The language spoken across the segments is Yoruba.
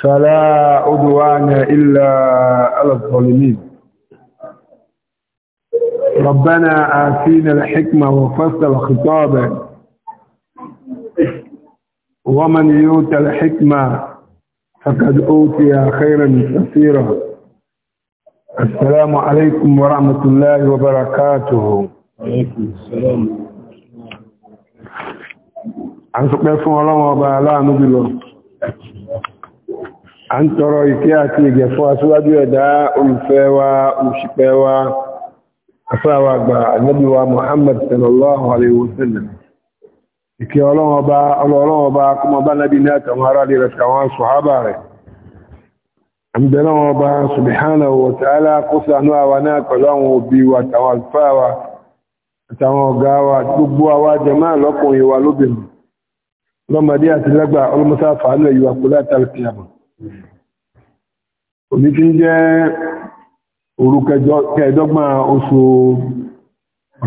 فلا عدوان إلا على الظالمين ربنا آتينا الحكمة وفصل الخطاب ومن يؤت الحكمة فقد أوتي خيرا كثيرا السلام عليكم ورحمة الله وبركاته وعليكم السلام عن سقيا الله وبعلا نبي الله a ń tọrọ ìkẹ́ àti ìgẹ̀ fún aṣíwájú ẹ̀dá olùfẹ́ wa olùṣìpẹ̀ wa afẹ́wà àgbà ànábì wa Muhammad sallallahu alaihi wasallam ìkẹ́ ọlọ́run ọba kọmọ bá nábi ní àtàwọn ará lè rẹ̀ àwọn sọ̀hábà rẹ̀ àmìbẹ̀rẹ̀ wọn ọba subhanahu wa ta'ala kó ṣàánú àwa náà pẹ̀lú àwọn lọ́mọdé àti lágbà ọlọ́mọsáfà náà yíwa kó látàrí kìyàmù òní tí ń jẹ́ òru kẹẹ̀dọ́gbọ̀n oṣù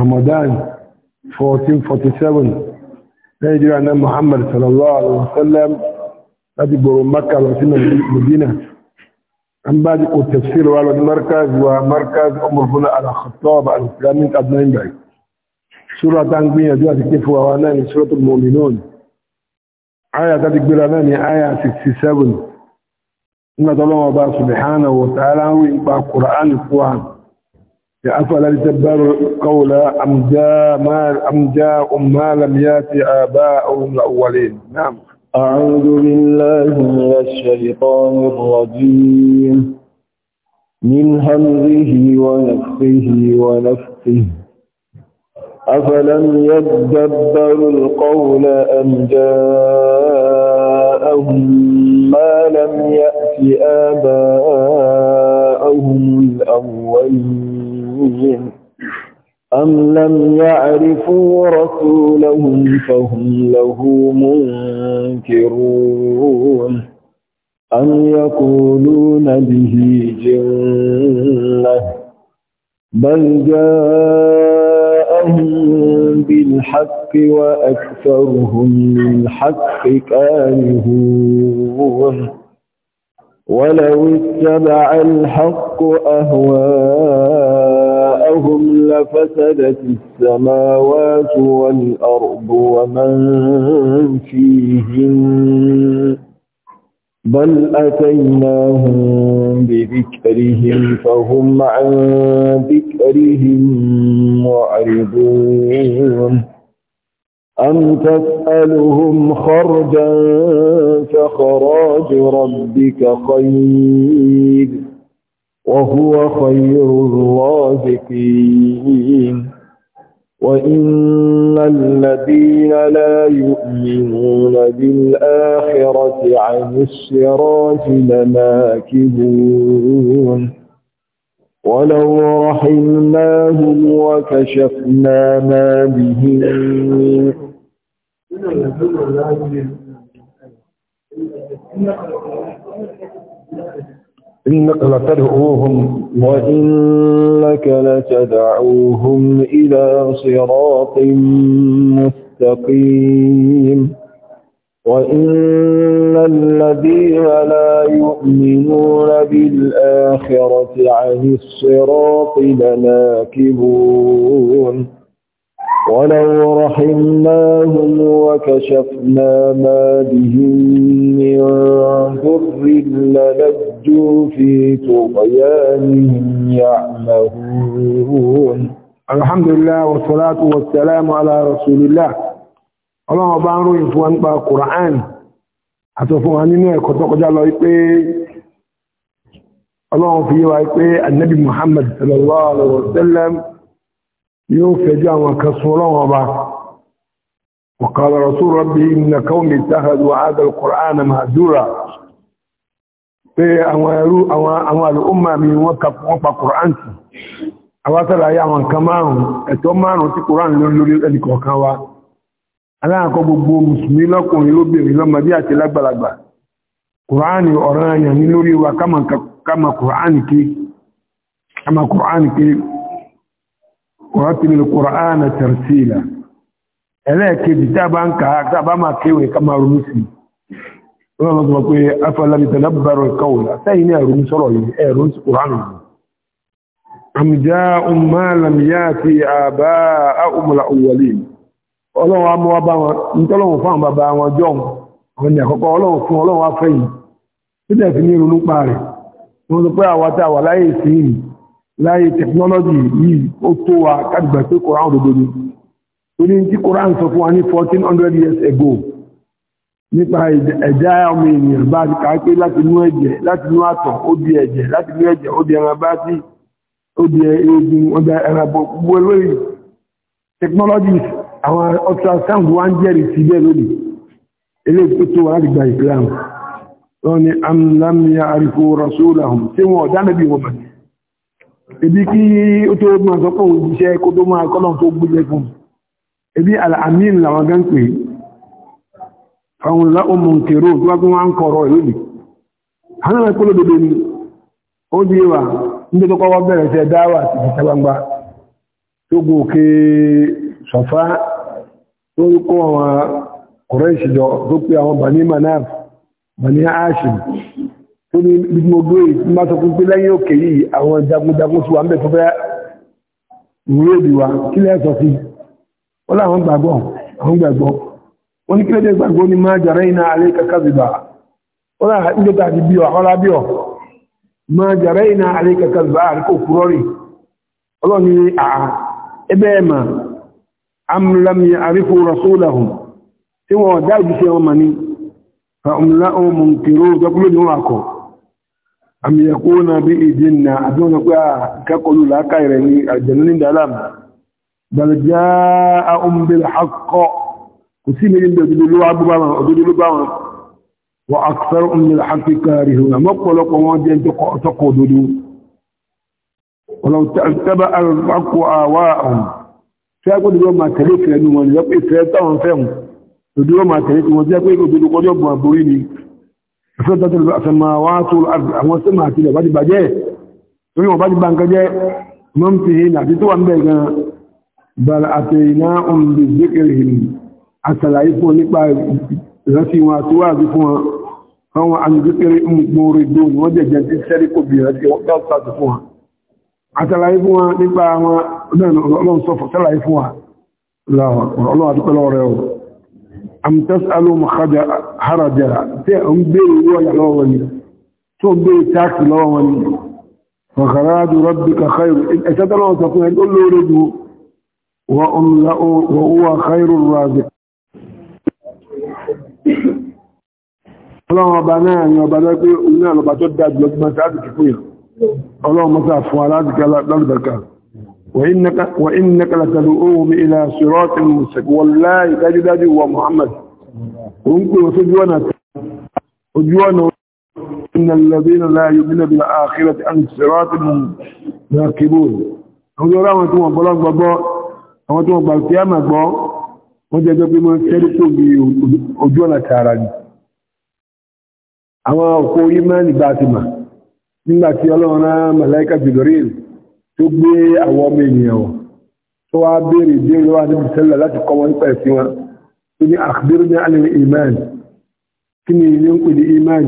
Ramadan 1447 nàìjíríà náà Muhammad sallallahu alaihi wasallam láti gbòrò Makka lọ sí Medina an bá jí kò tafsir wa lọ ní markaz wa markaz ọmọrùn al-Khattab al-Islamic adnan bay sura ta ń gbìyànjú àti kéfù wa náà ni suratul Mu'minun aya ta ti gbéra náà ni aya 67 نظلم الله سبحانه وتعالى وإنقى القرآن فوان أفلا يتبر قول أم جاء ما, أم جاء ما لم يأتي آباؤهم الأولين نعم أعوذ بالله من الشيطان الرجيم من همزه ونفخه ونفخه أفلم يدبروا القول أم جاءهم ما لم يأتي آباءهم الأولين أم لم يعرفوا رسولهم فهم له منكرون أم يقولون به جنة بل جاءهم بالحق وأكثرهم للحق كارهون ولو اتبع الحق أهواءهم لفسدت السماوات والأرض ومن فيهن بل أتيناهم بذكرهم فهم عن ذكرهم معرضون أم تسألهم خرجا فخراج ربك خير وهو خير الرازقين وإن الذين لا يؤمنون بالآخرة عن الصراط لماكبون ولو رحمناهم وكشفنا ما بهم من إنك لتدعوهم وإنك لتدعوهم إلى صراط مستقيم وإن الذين لا يؤمنون بالآخرة عن الصراط لناكبون ولو رحمناهم وكشفنا ما بهم من ضر للجوا في طغيانهم يعمهون الحمد لله والصلاة والسلام على رسول الله اللهم بارو يفوان با قرآن أتفوان نينو يكتوك جالو يبقى اللهم في يوا النبي محمد صلى الله عليه وسلم yóò fẹjọ́ àwọn kan sún ọlọ́wọ́ ọba وقال رسول ربي إن كوني اتخذوا هذا القرآن مهجورا pé àwọn ẹrú àwọn al'umma mi wọ́n ka wọ́n pa Kùránì tí àwọn tàbí àwọn nǹkan márùn-ún ẹ̀tọ́ márùn-ún tí Kùránì ló lórí ẹnìkọ̀ọ̀kan wa aláàkọ́ gbogbo mùsùlùmí lọ́kùnrin lóbìnrin lọ́mọdé àti lágbàlagbà Kùránì ọ̀ranyàn ní lórí wa kama Kùránì ké wàtìlì kùránà tẹ̀rẹ̀sílà ẹlẹ́ẹ̀kejì tábà ń kàá tábà máa kéwèé ká máa ronú sí wọ́n lọ́nà pé afẹ́lábìtẹ̀ lábàrọ̀ ìkọwòlá sẹ́yìn ní ẹ̀rùn sọ́rọ̀ yìí ẹ̀rùn sí kùránà àmìjá umarlamiyá ti àbá àumùlà òwòlè ọlọ́run amọ́ bá wọn nítọ́lọ́run fáwọn bàbá wọn jọ wọn ni àkọ́kọ́ ọlọ́run fún ọlọ́run afẹ́yìn tó dẹ̀ fi ní ronú pa rẹ̀ wọ́n sọ pé àwátà wà láyé ìsìn yìí láyé tẹkinọ́lọ́jì yìí ó tó wa kàgbà pé koran òdodo ni ó ní tí koran sọ fún wa ní 1400 years ago nípa ẹ̀dá ọmọ ènìyàn bá ti kàá pé láti inú ẹ̀jẹ̀ láti inú àtọ̀ ó di ẹ̀jẹ̀ láti inú ẹ̀jẹ̀ ó di ẹran bá sí ó di eegun ọjà ẹran bọ̀ gbogbo lórí technologies àwọn ultrasound wa ń jẹ́rìí sí bẹ́ẹ̀ lónìí eléyìí tó tó wa láti gba ìsìlámù wọn ni amúnámíyà àrífò rasulahum tí wọn ọ̀dá nàbí wọn ibi kí ó tó máa sọpọ̀ òjíṣẹ́ kó tó máa kọ́lọ̀ tó gbílẹ̀ fún ibi al'amin làwọn gan pè fàwọn la'ọmọ kèrò tó wá gún wá ń kọ̀rọ̀ ìlú hannà rẹ̀ kúrò dodo ni ó di wà ní tó kọ́wọ́ bẹ̀rẹ̀ sí dáwà àti ìta gbangba tó gòkè sọ̀fá tó kọ́ àwọn kọ̀rọ̀ ìṣìjọ tó pé àwọn bani manaf bani hashim ó ní bí mo gbé yìí má sọ pé lẹ́yìn òkè yìí àwọn jagunjagun tí wà ń bẹ̀ tó fẹ́ múlò ìdí wa kí lẹ́ sọ sí ó láwọn gbàgbọ́ àwọn gbàgbọ́ ó ní kílódé gbàgbọ́ ní máa jàrá iná alẹ́ láà a ti bí ọ àwọn alábíọ máa am yakuna bi jinna aduna kwa kakulu la kaire ni aljanna da alam bal ja'ahum bil haqq kusimi ndo dulu abu ba dulu ba wa aktharuhum lil haqq karihun ma qulu ko won je to ko dudu walau ta'taba al haqq awa'um sai ko dudu فسدت السماوات والارض àwọn sẹ́mà àti ilẹ̀ bá ti bàjẹ́ torí wọ́n bá ti bá ń kẹjẹ́ mọ́mtí hìn àti tó wà ń bẹ̀ gan bàrà àti iná òǹdè zékèrè hìn àṣàlàyé fún nípa ìrántí wọn àti wà àti fún wọn àwọn àjùzékèrè mọ̀rẹ̀ dùn wọ́n jẹ́ jẹ́ tí sẹ́rí kò bí ìrántí wọn gáàsà ti nípa àwọn ọlọ́run sọ fọ́ sẹ́làyé fún wa ọlọ́run àdúpẹ́ lọ́rẹ́ ọ̀rọ̀ am tasalu khaja haraja te on be wo ya lo woni to be tax lo woni fa kharaju rabbika khair atadallu takun qul lu ridu wa umla'u wa huwa khairur raziq ọlọ́run ọba náà ni ọba lẹ́gbẹ́ òun lọ́ba tó dájú lọ́gbọ́n sáàdùkú fún yà ọlọ́run mọ́sá fún aláàdùkú aláàdùkú وإنك, وإنك لتدعوهم إلى صراط المستقيم والله داجي داجي هو محمد وانكم سجوانا سجوانا إن الذين لا يؤمنون بالآخرة عن صراط راكبون àwọn ọ̀rọ̀ àwọn tí wọ́n bọ́lọ́ gbọ́gbọ́ àwọn tí wọ́n gbà tí a máa gbọ́ wọ́n jẹ́ gbogbo mọ́ sẹ́rí tó bí ojú ọ̀nà tààrà ní àwọn ọkọ̀ orí mẹ́rin bá ti mà nígbàtí ọlọ́run rán màláíkà jùlọ rí tó gbé àwọn ọmọ ènìyàn wọ̀ tó wá béèrè ìbéèrè wà níbi sẹ́lẹ̀ láti kọ́ wọn nípa ẹ̀sìn wọn tó ní àkàbírú ní alẹ́ iman kí ni ilé ń pè ní iman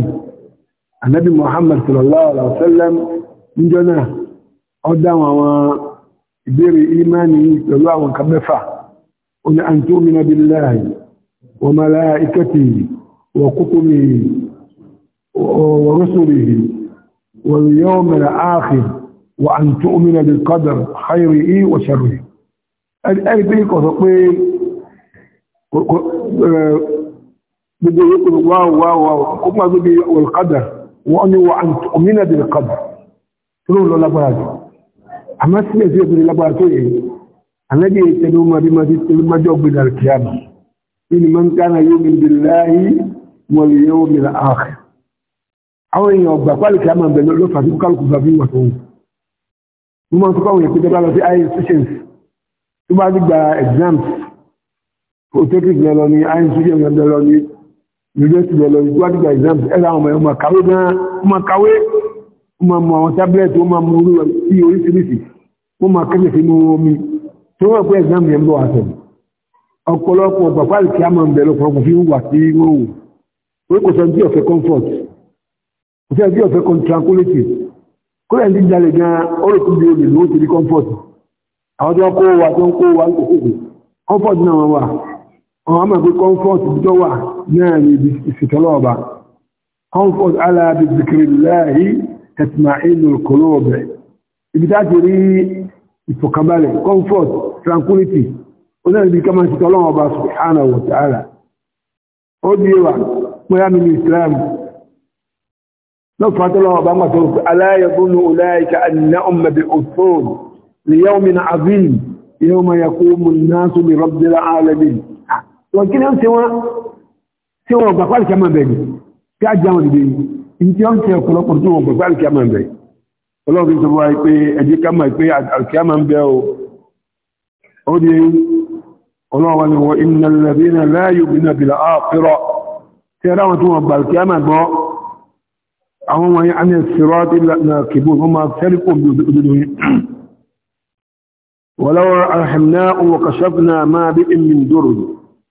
anabi muhammad sallallahu alaihi wa sallam níjọ́ náà ó dáhùn àwọn ìbéèrè iman yìí pẹ̀lú àwọn kan mẹ́fà ó ní an tu'mina billahi wa malaikatihi wa kutubihi wa rusulihi wal yawmil akhir وأن تؤمن بالقدر خيره وشره ẹni pé kọ̀ sọ pé gbogbo yóò kúrò wáwọ́wọ́ kó máa gbogbo olùkádà wọ́n ni wọ́n òmìnà bí kọ̀dà tó lọ lágbára jù àmá sílẹ̀ sí ètò lágbára tó yìí anábì ìtẹ́lú mọ́bí mọ́jọ́ gbìnà kìíyàmù nínú mọ́ ń kánà yóò mi bí láyé wọ́n yóò mi ààrẹ àwọn èèyàn ọgbà pálí kìíyàmù bẹ̀rẹ̀ lọ́fà sí kálukú bàbí wà tó wù mo máa ń sọpọ̀ àwọn ìpínlẹ̀ bá lọ sí high institutions tó bá gbígba exams photographic lọ lọ ní high institutions lọ lọ ní university lọ lọ ní tó bá gbígba exams ẹ̀rọ àwọn ọmọ kàwé gan-an ó máa kàwé ó máa mọ àwọn tábìlẹ̀tì ó máa mọ orí sí oríṣiríṣi ó máa kẹ́kẹ̀ sí inú omi tó wọ́n pé exam yẹn ń bọ̀ àtẹ̀ ọ̀pọ̀lọpọ̀ bàbá àlùkí àmọ́ ń bẹ̀rẹ̀ ọ̀pọ̀lọpọ̀ fi ń wà sí wọ́n wò ó kò sọ ní ọ̀fẹ́ comfort kò sọ ní ọ̀fẹ́ tranquility kúrẹ̀ ní jalè gan orùkúndé olè ló ti rí comfort àwọn tó kó wa tó ń kó wa òkòkò comfort náà wọ́n wà wọ́n a máa pé comfort tó wà náà ní ìsìtọ́lọ́ ọba comfort alábi zikirillahi tatma'inul qulub ibi tá ti rí ìfọ̀kànbalẹ̀ comfort tranquility ó náà níbi kama ìsìtọ́lọ́ ọba subhanahu wa ta'ala ó di wa pé àmì islam lọ́pàá tó lọ́wọ́ bá mọ̀ tó rùkú aláyẹ̀kúnnù ọláyẹ̀ká àná ọmọ bí òṣòrò lè yẹ́ omi na azim yẹ́ omi ya kó mú náà tó lè rọ́bdìlá alẹ́bí wọ́n kí ní ó tí wọ́n gbà pàlì kẹ́mà bẹ̀rẹ̀ kí á jáwọn ìdè yìí tí wọ́n tẹ́ ọ̀pọ̀lọpọ̀ tí wọ́n gbà pàlì kẹ́mà bẹ̀rẹ̀ ọlọ́run àwọn ọmọ yẹn àmì ìsìrọ́t ìlànà kìbò wọ́n máa tẹ́lẹ̀kò bí òdòdó yìí wọ́lọ́wọ́ alhàmná owó kàṣọ́fìnà máa bí ìmìn dòrò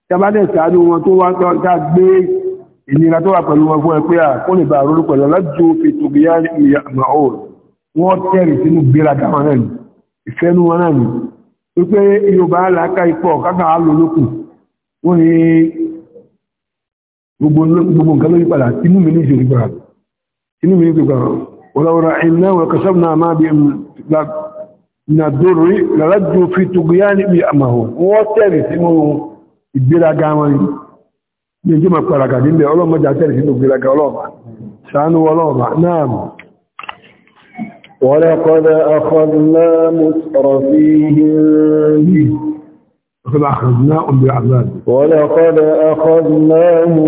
tàbádẹ̀ sàájú wọn tó wá gbé ìnira tó wà pẹ̀lú wọn fún ẹgbẹ́ àkó lè bá rúrú pẹ̀lú alájò fètò bíyá ìyá maor wọ́n tẹ̀rì sínú gbéraga wọn náà ìfẹ́nu wọn náà ni ولو رحمنا وكسبنا ما بهم من الدر لردوا في تقيان بأمه وثالث إنه الدرع قامل من جمع قرقة ما جاترس إنه قرقة الله نعم ولقد أخذنا مترفيهم فقد أخذناهم بالعذاب ولقد أخذناهم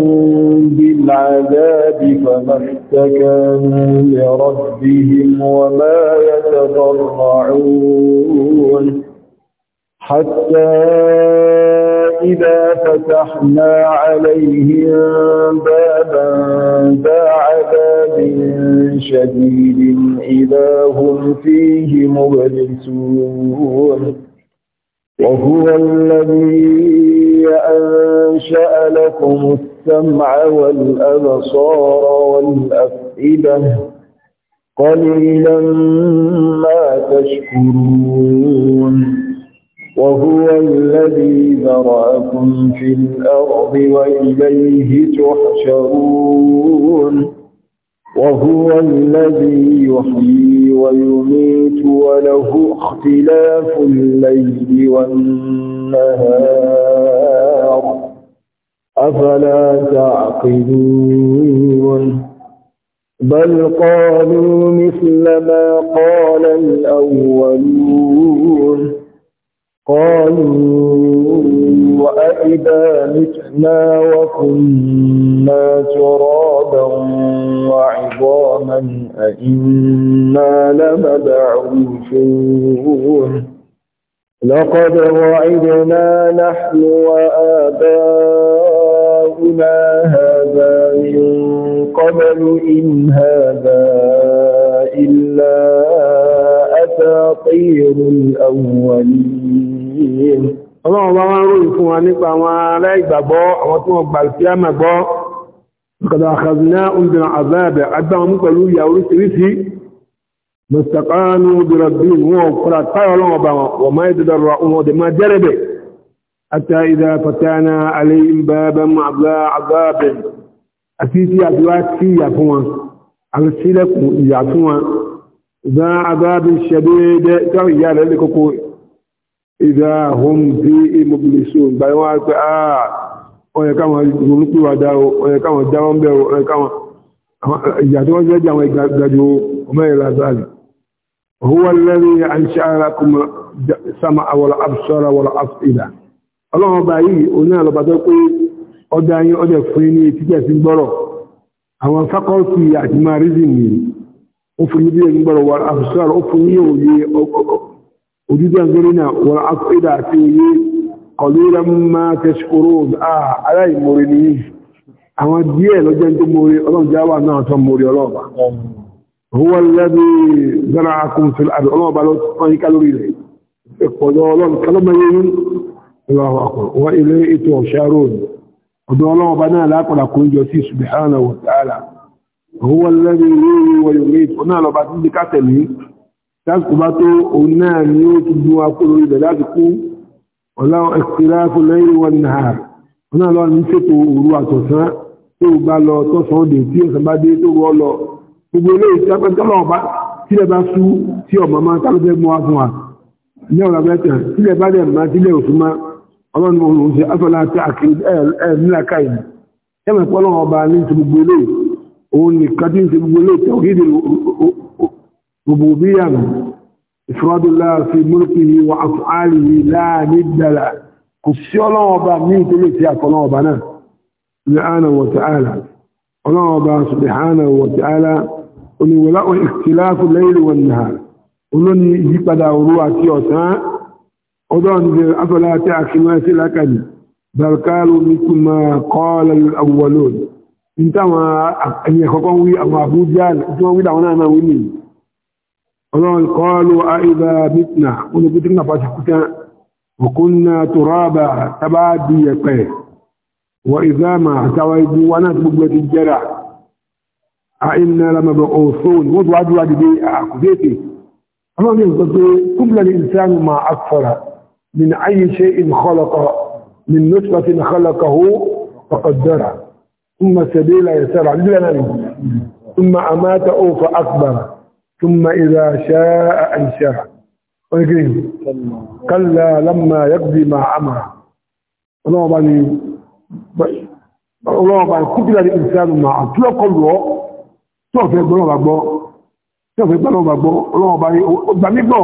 بالعذاب فما استكانوا لربهم وما يتضرعون حتى إذا فتحنا عليهم بابا ذا عذاب شديد إذا هم فيه مبلسون وهو الذي أنشأ لكم السماء السمع والأبصار والأفئدة قليلا ما تشكرون وهو الذي ذرأكم في الأرض وإليه تحشرون وهو الذي يحيي ويميت وله اختلاف الليل والنهار أفلا تعقلون بل قالوا مثل ما قال الأولون قالوا وأئذا متنا وكنا ترابا وعظاما أئنا لمبعوثون لقد وعدنا نحن وآباؤنا خلقنا هذا من قبل إن هذا إلا أساطير الأولين ọlọ́run bá wá ń ròyìn fún wa nípa àwọn ará ìgbàgbọ́ àwọn tí wọ́n gbà sí àmà gbọ́ ọ̀kadà àkàzìná òǹdìnà àzáàbẹ̀ agbáwọn mú pẹ̀lú ìyà oríṣiríṣi mustaqanu birabbin wọn kọ́ra táyọ̀ ọlọ́run ọba wọn حتى إذا فتانا عليهم بابا معبلا عذاب أسيسي أدوات في يفوان أرسلك يفوان ذا عذاب شديد ترجع لكم إذا هم في مبلسون بيوات آه ويكما يقولوا وداو ويكما داوم بيو ويكما يجاتوا زجا ويجاتوا وما إلى ذلك هو الذي أنشأ لكم السمع والأبصر والأفئدة ọlọ́run ọba yìí oní àlọ́bà tó pé ọdá yín ọdẹ fún ní tíjẹ̀ sí gbọ́rọ̀ àwọn fákọ́ọ̀tì àti máa rí zìn nìyí ó fún ní bí ẹni gbọ́rọ̀ wà àfisọ́rọ̀ ó fún ní òye ojúdé àgbẹ̀rẹ̀ náà wà áfíìdà àti òye kọ̀lúra máa tẹ̀síkòrò aláìmoore nìyí àwọn díẹ̀ lọ́jọ́ tó ọlọ́run já wà هو الذي زرعكم في الأرض الله بلوت فاني كالوري لي إقبضوا الله كلمة Allahu akbar wa ilayhi tusharun ọ̀dọ̀ ọlọ́wọ́ bá náà lápàdà kò ń jọ sí subhanahu wa ta'ala huwa alladhi yuhyi wa yumiit náà lọ́ba tí di kátẹ̀lé lásìkò bá tó òun náà ni ó ti dún akóró ilẹ̀ lásìkò ọ̀la ikhtilafu al-layli wan-nahar náà lọ́wọ́ ní ṣètò òru àtọ̀sán tó bá lọ bá ọlọ́run ló ń ṣe afẹ́lá tí a kì í ẹ̀ẹ́dínláka yìí ẹ̀mọ̀ pọ́lọ́ ọba ní ti gbogbo ilé òun nìkan tí ń ti gbogbo ilé tẹ̀wọ́gídì gbogbo bí yà mí ìfúrádùlá fi múlùkì yìí wà áfààlì yìí láàní dàlà kò أظن أفلا تعقلون سلكني بل قالوا مثل ما قال الأولون انت ما أن يخقون وي أو أبو جهل انت ما ويدا وانا ما ويني أظن قالوا أئذا متنا قلنا بتنا فاسكتا وكنا ترابا تبادي يقين وإذا ما تويبوا وانا تبقى الجرع أئنا لمبعوثون وضعوا عدوا عدوا عدوا عدوا عدوا عدوا عدوا عدوا عدوا عدوا عدوا عدوا من أي شيء خلق من نطفة خلقه فقدره ثم سبيل يسرع نعم. ثم أماته فأكبر ثم إذا شاء أنشاه ويقرين كلا لما يقضي ما أمر الله بني الله بني bá kúbílá ما ìsáàlù máa àtúlọ́kọ́ lọ tí ọ̀fẹ́ gbọ́nà bá gbọ́ ọlọ́wọ́ bá الله ọgbàmígbọ̀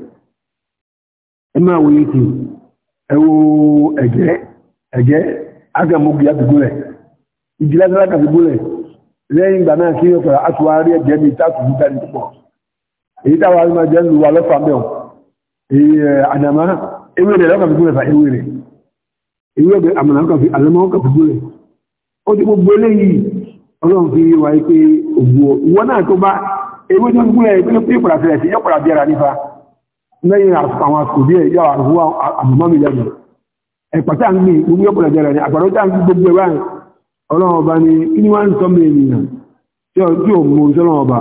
ẹmọ àwọn yìí tí ẹwọ ẹ̀jẹ́ ẹ̀jẹ́ agamogi àdúgbòlẹ̀ ìjìlására àdúgbòlẹ̀ lẹ́yìn ìgbà náà kí yóò fẹ̀rẹ̀ àtúwárí ẹ̀jẹ́ ní ìtàkùn dání púpọ̀ èyí táwa rí máa jẹ́ ń lu wa lọ́fà mẹ́ o èyí eh, àdàmá ewé rẹ̀ lọ́kàn fìgbòlẹ̀ fà ewé rẹ̀ ewé rẹ̀ àmàlà kan fi àlọ́mọ́ kan fìgbòlẹ̀ ó ti gbogbo eléyìí ọlọ́run fi wáyé pé ògbó ìwọ náà tó bá ewé tó ń gbúlẹ̀ ìpínlẹ̀ pé ìpàdà fẹ̀rẹ̀ sí yọ́pàdà bí ara nífa lẹ́yìn àwọn àkòdí ẹ̀ yára àwọn àmàmì lẹ́nu ẹ̀pàtà ń gbé gbogbo ọ̀pọ̀lọ̀ jẹ́rẹ̀ ní àgbàrójá gbogbo ẹ̀wà ọlọ́ọ̀bá ni kí ni wọ́n ń tọ́ mẹ́ ènìyàn tí ó tí ó mú ọlọ́ọ̀bá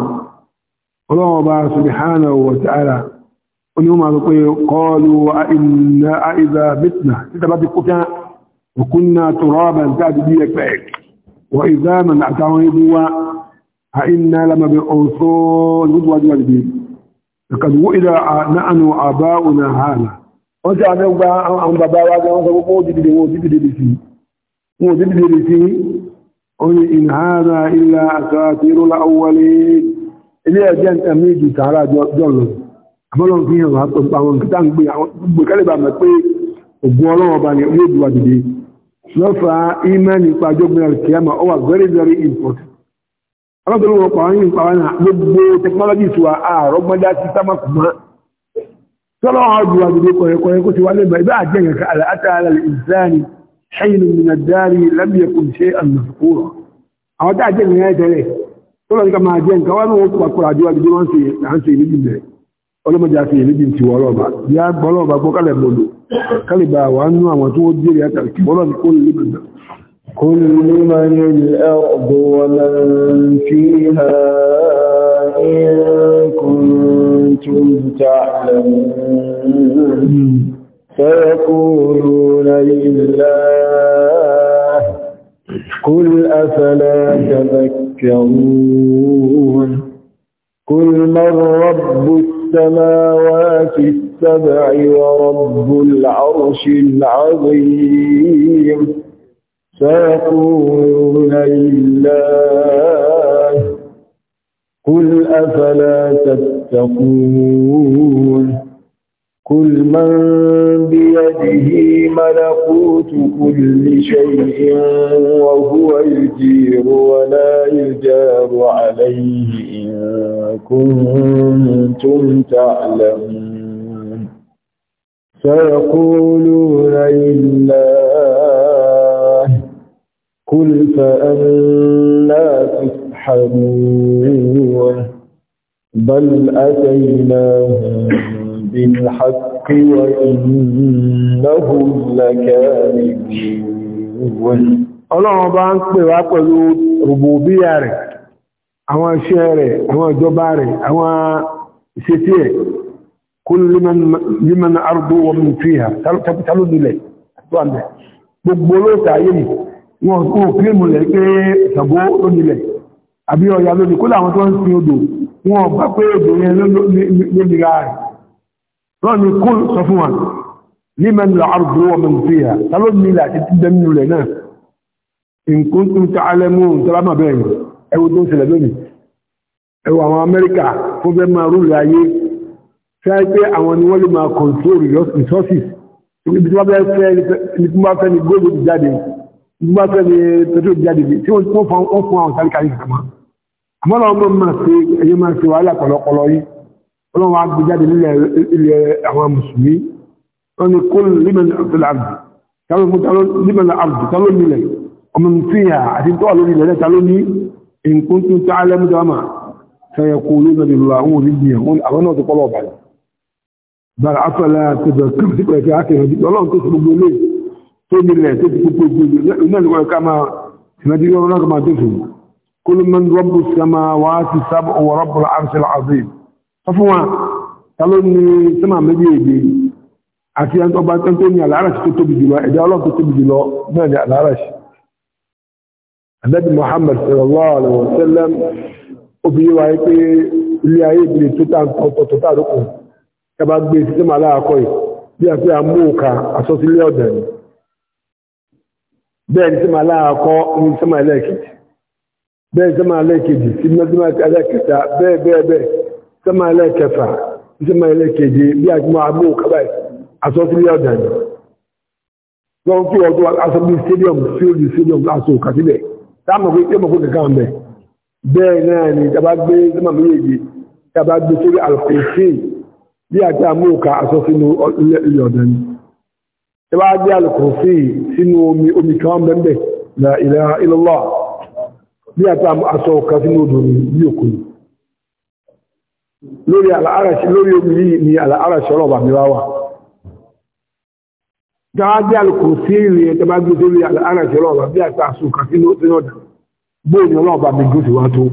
ọlọ́ọ̀bá subhanahu wa ta'ala لقد وئد نحن وآباؤنا هذا wọ́n tí a ní gba àwọn bàbá wa jẹ́ wọ́n sọ pé ó dìbìdì wọ́n dìbìdì sí wọ́n dìbìdì sí orí ìhàrá ilá àtàtíró láwọ́lé ilé ẹ̀jẹ́ nǹkan méjì tààrà jọ́lọ àbọ́lọ́n fi hàn àtọ̀ àwọn kìtà ń gbé gbé kálíbà mẹ́ pé ògùn ọlọ́wọ́ bá ní yóò dùwà dìde lọ́fà nípa ó wà very very important alábẹ̀rẹ̀ wọn pàwọn yìí pàwọn náà gbogbo tẹkinọ́lọ́jì tó wà àrọ́gbọ́n dá sí támàkù mọ́ tọ́lọ́ ọdún àgbègbè kọ̀ẹ̀kọ̀ẹ̀ kó ti wá lẹ́gbà ibá àjẹ́ ẹ̀ka àtàlà ìsáàni ṣẹ́yìn nínú dárí lábẹ́kùn ṣe àmàfẹ́kúrọ̀ àwọn tá àjẹ́ ẹ̀ka ẹ̀tẹ̀rẹ̀ tọ́lọ́ ní ká máa jẹ́ nǹkan wá ní wọn kó pàkúrọ̀ àjọ àgbègbè wọn ṣe ìlú jìnlẹ̀ ọlọ́mọdé àti ìlú jìn ti wọ́ọ́rọ̀ ọba bí a كل من الأرض ومن فيها إن كنتم تعلمون فيقولون لله قل أفلا تذكرون قل من رب السماوات السبع ورب العرش العظيم سيقولون لله قل أفلا تتقون كل من بيده ملكوت كل شيء وهو يجير ولا يجار عليه إن كنتم تعلمون سيقولون لله قل فأنا تسحرون بل أتيناهم بالحق وإنهم لكاذبون ọlọ́run bá ń pè wá pẹ̀lú rùbùbíyà rẹ̀ àwọn iṣẹ́ rẹ̀ àwọn ìjọba rẹ̀ àwọn ìṣẹ́tí ẹ̀ kún límọ̀nà arúgbó wọn fi hà tálódìlẹ̀ tó àmì gbogbo olóòtà ayé nìí wọn kó kílèmù lẹ̀ pé Ṣàngó lónìlẹ̀ àbí Ọya lónìí kó láwọn tó ń sin odò wọn bá pé odò yẹn lónìra rẹ̀ wọ́n ni kó sọ fún wa ní mẹ́nu àrùbọ̀ wọn mẹ́nu fi hà ta ló nílẹ̀ àti ti dẹ́nu rẹ̀ náà nǹkan tó ń ta alẹ́ mú ìtọ́lámà bẹ́ẹ̀ ni tó ń ṣẹlẹ̀ lónìí ẹwù àwọn Amẹ́ríkà fún fẹ́ máa rúlẹ̀ ayé fẹ́ pé àwọn ni wọ́n lè máa control resources ibi tí wọ́n fẹ́ fẹ́ ni tí ti jáde gbogbo afẹ́ ni pẹ̀lú jáde bí tí wọ́n fún àwọn sáré kárí kàmá àmọ́ lọ́wọ́ mọ́ máa ṣe ẹyẹ máa ṣe wàhálà pọ̀lọpọ̀lọ yìí ọlọ́wọ́ á gbé jáde nílẹ̀ ilẹ̀ àwọn mùsùlùmí wọ́n ni kó límẹ̀lẹ̀ àbùdù tá ló nílẹ̀ ọmọ nfìyà àti tó wà lórí ilẹ̀ ta ló ní nǹkan tó tá alẹ́ mùsùlùmá sẹ́yẹ kó lónà ní lọ àwọn onígbìyàn àwọn náà tó nílẹ̀ tó ti gbogbo gbogbo náà nígbà ká máa tìmọ̀tì yọrọ náà ká máa tó sùn kó ló máa ń rọ́bù sàmà wá sí sábà ọwọ́ rọ́bù àrùsẹ̀lá àzìm wọ́n fún wa ta ló ní sàmà méjèèjì àti ọba tó ní àlàáràṣì tó tóbi jùlọ ẹ̀dá ọlọ́run tó tóbi jùlọ náà ní àlàáràṣì Ànábì Muhammad sallallahu alaihi wa sallam obìnrin wa pé ilé ayé ìbìlẹ̀ tó tà ọ̀tọ̀ tà lókun ẹ bá gbé sí sàmà aláàkọ́ yìí bí a pé àmú òkà àsọsílẹ̀ ọ̀dẹ̀ yìí bẹ́ẹ̀ ní sẹ́mà aláàkọ́ ní sẹ́mà ẹlẹ́ẹ̀kejì bẹ́ẹ̀ ní sẹ́mà ẹlẹ́ẹ̀kejì sí mẹ́sẹ́mà ẹlẹ́ẹ̀kẹta bẹ́ẹ̀ bẹ́ẹ̀ bẹ́ẹ̀ sẹ́mà ẹlẹ́ẹ̀kẹfà ní sẹ́mà ẹlẹ́ẹ̀kejì bí àjùmọ̀ àbú kábàáyì asọ́sílẹ̀ ọ̀dà ni wọ́n kí wọ́n tó asọ́bí stadium field stadium aṣọ kàtílẹ̀ táàmù pé mọ̀kó kankan bẹ̀ bẹ́ẹ̀ náà ni tàbá gbé sẹ́mà méjèèjì tàbá gbé sórí àlùkò sí tí wá gbé alùkùrùsí sínú omi omi kan bẹ́ẹ̀ la ilaha illallah bí a ta aṣọ ọ̀ka sínú odò ní bí òkú lórí àlàáràṣì lórí omi yìí ni àlàáràṣì ọlọ́ọ̀bà mi wá wà tí wá gbé alùkùrùsí rí ẹ̀ tí wá gbé sórí àlàáràṣì ọlọ́ọ̀bà bí a ta aṣọ ọ̀ka sínú ọ̀dà bóyá ọlọ́ọ̀bà mi gùn sí wá tó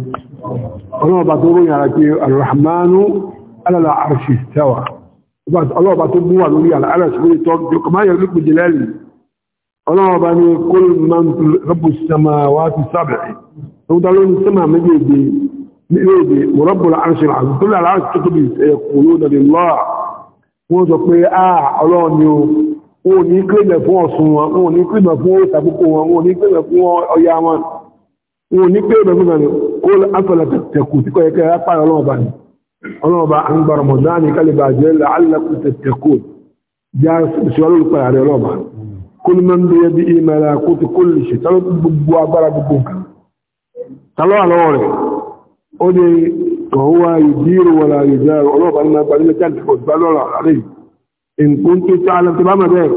ọlọ́ọ̀bà tó ròyìn ara pé alùrahmanu alàlà àrṣì tẹ́wàá ọlọ́ọ̀bá tó mú wà lórí àlàárẹ̀sìwé tó kọmáyẹ̀ olùkù jìlẹ́lì ọlọ́ọ̀bá ní kólù rọ́bù sàmà wá ti sábẹ̀rẹ̀ tó dáró ní sàmà méjèèdè méjèèdè rọ́bù àrẹ̀sìwé àgbẹ̀tọ́lẹ̀ aláàrẹ̀sìwé tó bí ọlọ́ọ̀bá ń gba ramadan kálíbà jẹ́ la'allakum tattaqun já ìṣòro olùpàá rẹ̀ ọlọ́ọ̀bá kul man bi yadihi malakutu kulli shay tálọ́ gbogbo agbára gbogbo nǹkan tálọ́ àlọ́wọ̀ rẹ̀ ó ní kọ̀ọ̀wá yujiru wala yujaru ọlọ́ọ̀bá ní agbára ilẹ̀ jáde kò gbá lọ́rọ̀ àárẹ̀ in kuntu ta'lam tó bá mọ̀ bẹ́ẹ̀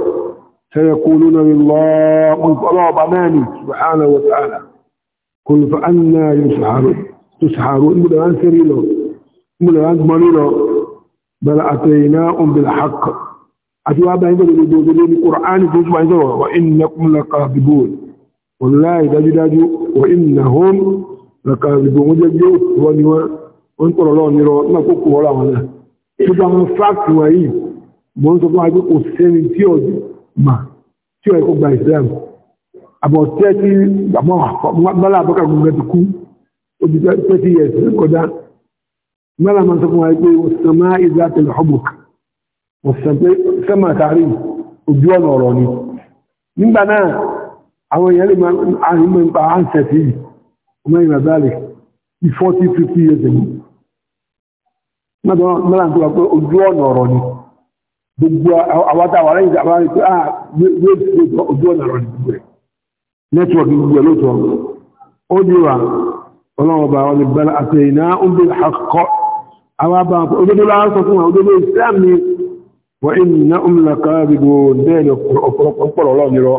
sayaquluna lillah ọlọ́ọ̀bá mẹ́rin subhanahu wa ta'ala kul fa anna yusharu tusharu nígbà wọn ń sẹ́rí lọ múlẹ̀ wá gbọ́n lílọ bẹ̀rẹ̀ àtẹ̀yìnà ọmọbìnrin haqq àti wá báyìí tẹ̀lé gbogbo ní kùránì tó túnbà ìjọba wà iná kúnlẹ̀ka bíbò wọláì dájúdájú wà iná hóm lẹ́ka bíbò wọ́n jẹ́ gbé wọ́n ni wọ́n ń tọ̀rọ̀ lọ́wọ́ nírọ̀ náà kó kó wọ́ra wọn náà tó bá wọn fáàkì wọn mọ́ ń sọ mẹ́la ma sọ fún wa pé sọmá ìzá tẹ̀lé ọ̀bùk sọmá tààrí ojú ọ̀nà ọ̀rọ̀ ni nígbà náà àwọn èèyàn 40-50 years ago mẹ́la tó wà pé ojú ọ̀nà ọ̀rọ̀ ni gbogbo àwátà wà lẹ́yìn àbá rẹ̀ pé ah wéèdì ojú ọ̀nà ọ̀rọ̀ ni gbogbo rẹ̀ nẹ́tíwọ̀kì gbogbo ẹ̀ lóòótọ́ ó ní wa bá wọn ni bẹ́ẹ̀ àtẹ̀yìn náà ó àkọ́ awa abà òdodo láwọn sọ fún wa òdodo islam ni wọ́n ń ná òmìnira kan gbogbo bẹ́ẹ̀ ni ọ̀pọ̀lọpọ̀ ọlọ́run nírọ́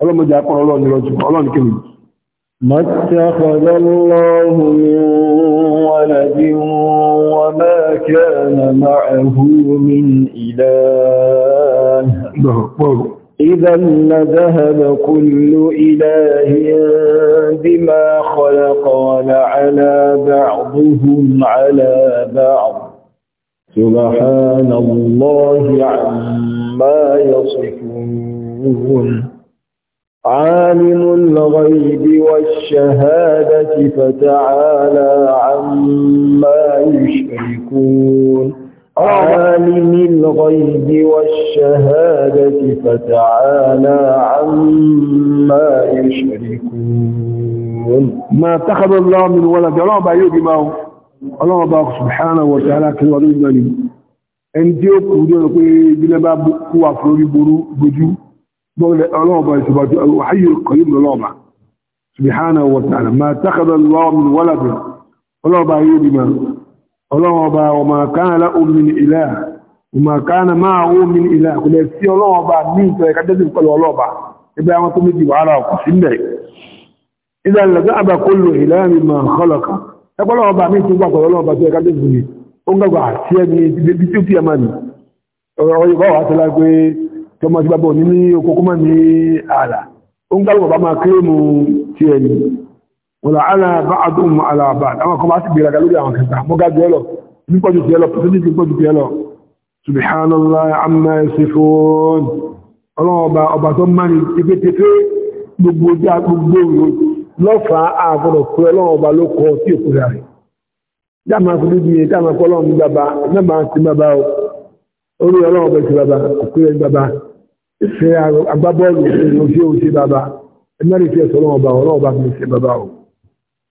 ọlọ́mọdé jù ọlọ́run kí ni. ما اتخذ الله من إذا لذهب كل إله بما خلق ولعلى بعضهم على بعض سبحان الله عما يصفون عالم الغيب والشهادة فتعالى عما يشركون عالم الغيب والشهادة فتعالى عما يشركون ما اتخذ الله من ولد الله با يودي ما هو الله با سبحانه وتعالى كل ولي ولي انتي وكودي كوي إيه بلا با كوا فوري بورو بوجو دونك الله با سبحانه الحي القيوم الله سبحانه وتعالى ما اتخذ الله من ولد الله با يودي ما هو ọlọ́wọ́ bá ọmọ kánàlá omin ilẹ̀ ọmọ kánà máa omin ilẹ̀ kò lè sí ọlọ́wọ́ bá ní ìtọ́ ìkàdẹ́sì pẹ̀lú ọlọ́ọ̀bá ẹgbẹ́ àwọn tó méjì wàhálà ọkọ̀ sílẹ̀ ìdánilẹ̀gbẹ́ àbàkólò ilẹ̀ mi máa kọlọ̀kà ẹgbọ́lọ́wọ́ bá mi tún gbàgbọ́ ọlọ́ọ̀bá tó ìkàdẹ́sì ni ó ń gbàgbà sí ẹni ibi tí ó fi ẹ̀ máa nì ọ̀rọ̀ ìbá wà ولعلى بعضهم على بعض اما كما اسبي لا قالوا يا كذا مو قال يلو مين قد يلو تدي قد يلو سبحان الله عما يصفون الله با ọba tó mani ipe tete gbogbo ja gbogbo ro lo fa a gboro ko Ọlọ́run ọba ló ko ti o kura re ja ma ko bi ja ma ko Ọlọ́run baba na ma ti baba o orí Ọlọ́run ọba ti baba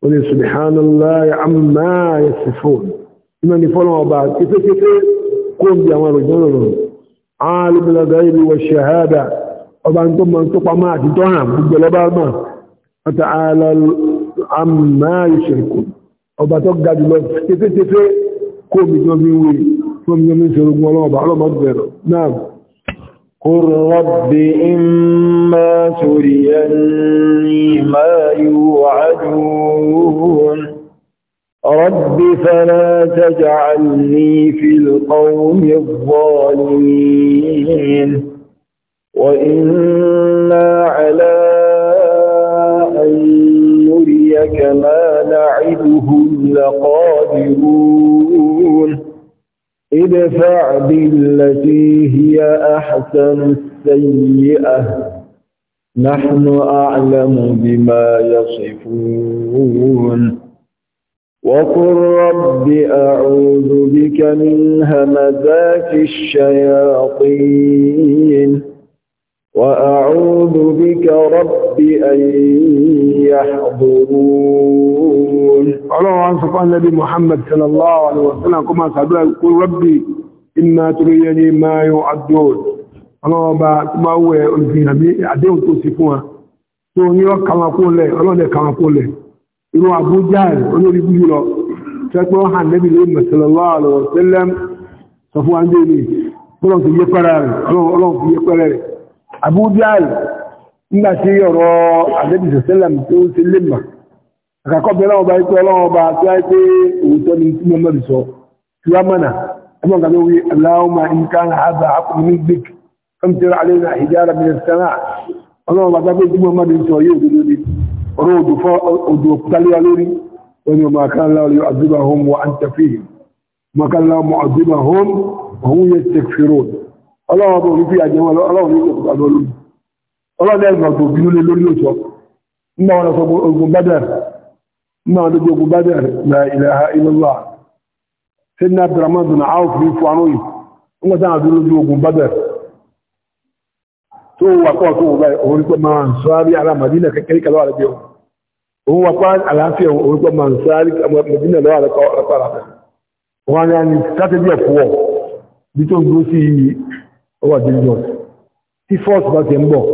oní subhanallahi amma yasifun iná ní fọ́nà ọba kífẹ́kífẹ́ kó ń bí àwọn àròjọ́ rọrùn alimul ghaibi wa shahada ọba tó mọ̀ tó pamọ́ àti tọ́nà gbogbo lọ́ba náà wata ala amma náà قل رب إما تريني ما يوعدون رب فلا تجعلني في القوم الظالمين وإنا على أن نريك ما نعدهم لقادرون ادفع بالتي هي أحسن السيئة نحن أعلم بما يصفون وقل رب أعوذ بك من همزات الشياطين وأعوذ بك رب أن يحضرون الله عن سبحان النبي محمد صلى الله عليه وسلم كما سأدعى يقول ربي إما تريني ما يعدون الله ما هو الفين بي أدين توصفوها توني وكما قول لي الله كما قول لي إنه أبو جهل أنه يقول له تقول عن النبي صلى الله عليه وسلم صفوان ديني الله يقرر الله يقرر abújáàlì nígbàtí ọ̀rọ̀ àdébìsẹ̀ sẹ́lẹ̀m tó ń ṣe lèmà àkàkọ́ bẹ̀rẹ̀ ọba ikú ọlọ́wọ́ ọba tí a pé òótọ́ ni tí mọ́mọ́ sọ tí wá mọ́nà ẹgbọ́n kan wí aláwọ̀mà nǹkan àbá akọ̀mí gbèk fẹ́mtẹ́rẹ́ alẹ́nà ìjára bẹ̀rẹ̀ sẹ́nà ọlọ́wọ́ ọba tí tí mọ́mọ́ sọ yóò dodo ni ọ̀rọ̀ odò fọ́ odò ọlọ́wọ́ bó orí fíyà jẹun ọlọ́wọ́ ní ìjọba lórí ọlọ́dẹ̀ ìgbàgbọ́ bínú lé lórí òtọ́ nínú àwọn ọ̀sọ̀ ogun nínú àwọn na ilaha illallah ṣe ní abdulrahman bin auf ní fún anóyì nígbà táwọn àdúró lójú ogun bádẹ̀ tó ó wà dangerous tí force bá ti ń bọ̀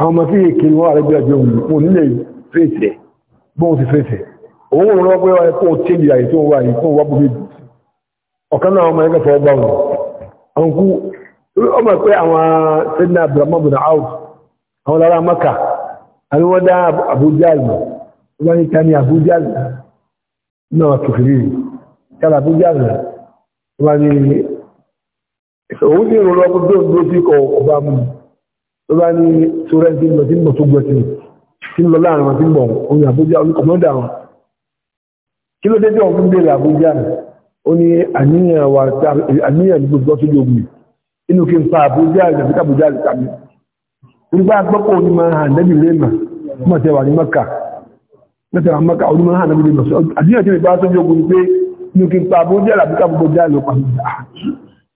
àwọn ọmọ fíye kiri wọ́n àrẹ́gbẹ́ àjọ òun kò nílẹ̀ fèsì ẹ̀ bóun ti fèsì òun rò lọ́wọ́ pé wọ́n kó change àyè tó wà yìí fún wábùbí ọ̀kan náà ọmọ ẹgbẹ́ fọwọ́ gbà wọn àwọn ọmọ pé àwọn sẹ́dínà abdulhamid bin out àwọn lára maka àbí wọ́n dá abuja àlùmọ̀ wọ́n ní ká abuja àlùmọ̀ náà kìfìrí kálá abuja àlùmọ̀ wọ́n ní òun ní ìrọ̀lọ́ ọkọ̀ tó ń dúró sí ikọ̀ ọba mú ló bá ní sórẹ́ tí ń lọ sí ń bọ̀ tó gbẹ̀sìn tí ń lọ láàrin wọn tí ń bọ̀ òun àbújá olùkọ̀mọ́dà wọn kí ló dé tí òun dé làbújá ó ní àníyàn wa àníyàn ní gbogbo tó lóògùn inú kí n pa àbújá àti àbújá àti tàbí nígbà gbọ́pọ̀ ní máa hàn lẹ́bí lẹ́mà mọ̀ tẹ́wà ní mọ́kà mẹ́tẹ̀wà mọ́kà ó ní máa hàn lẹ́bí lẹ́mà àdíyàn tí mi bá tó lóògùn pé inú kí n pa àbújá àti àbújá àti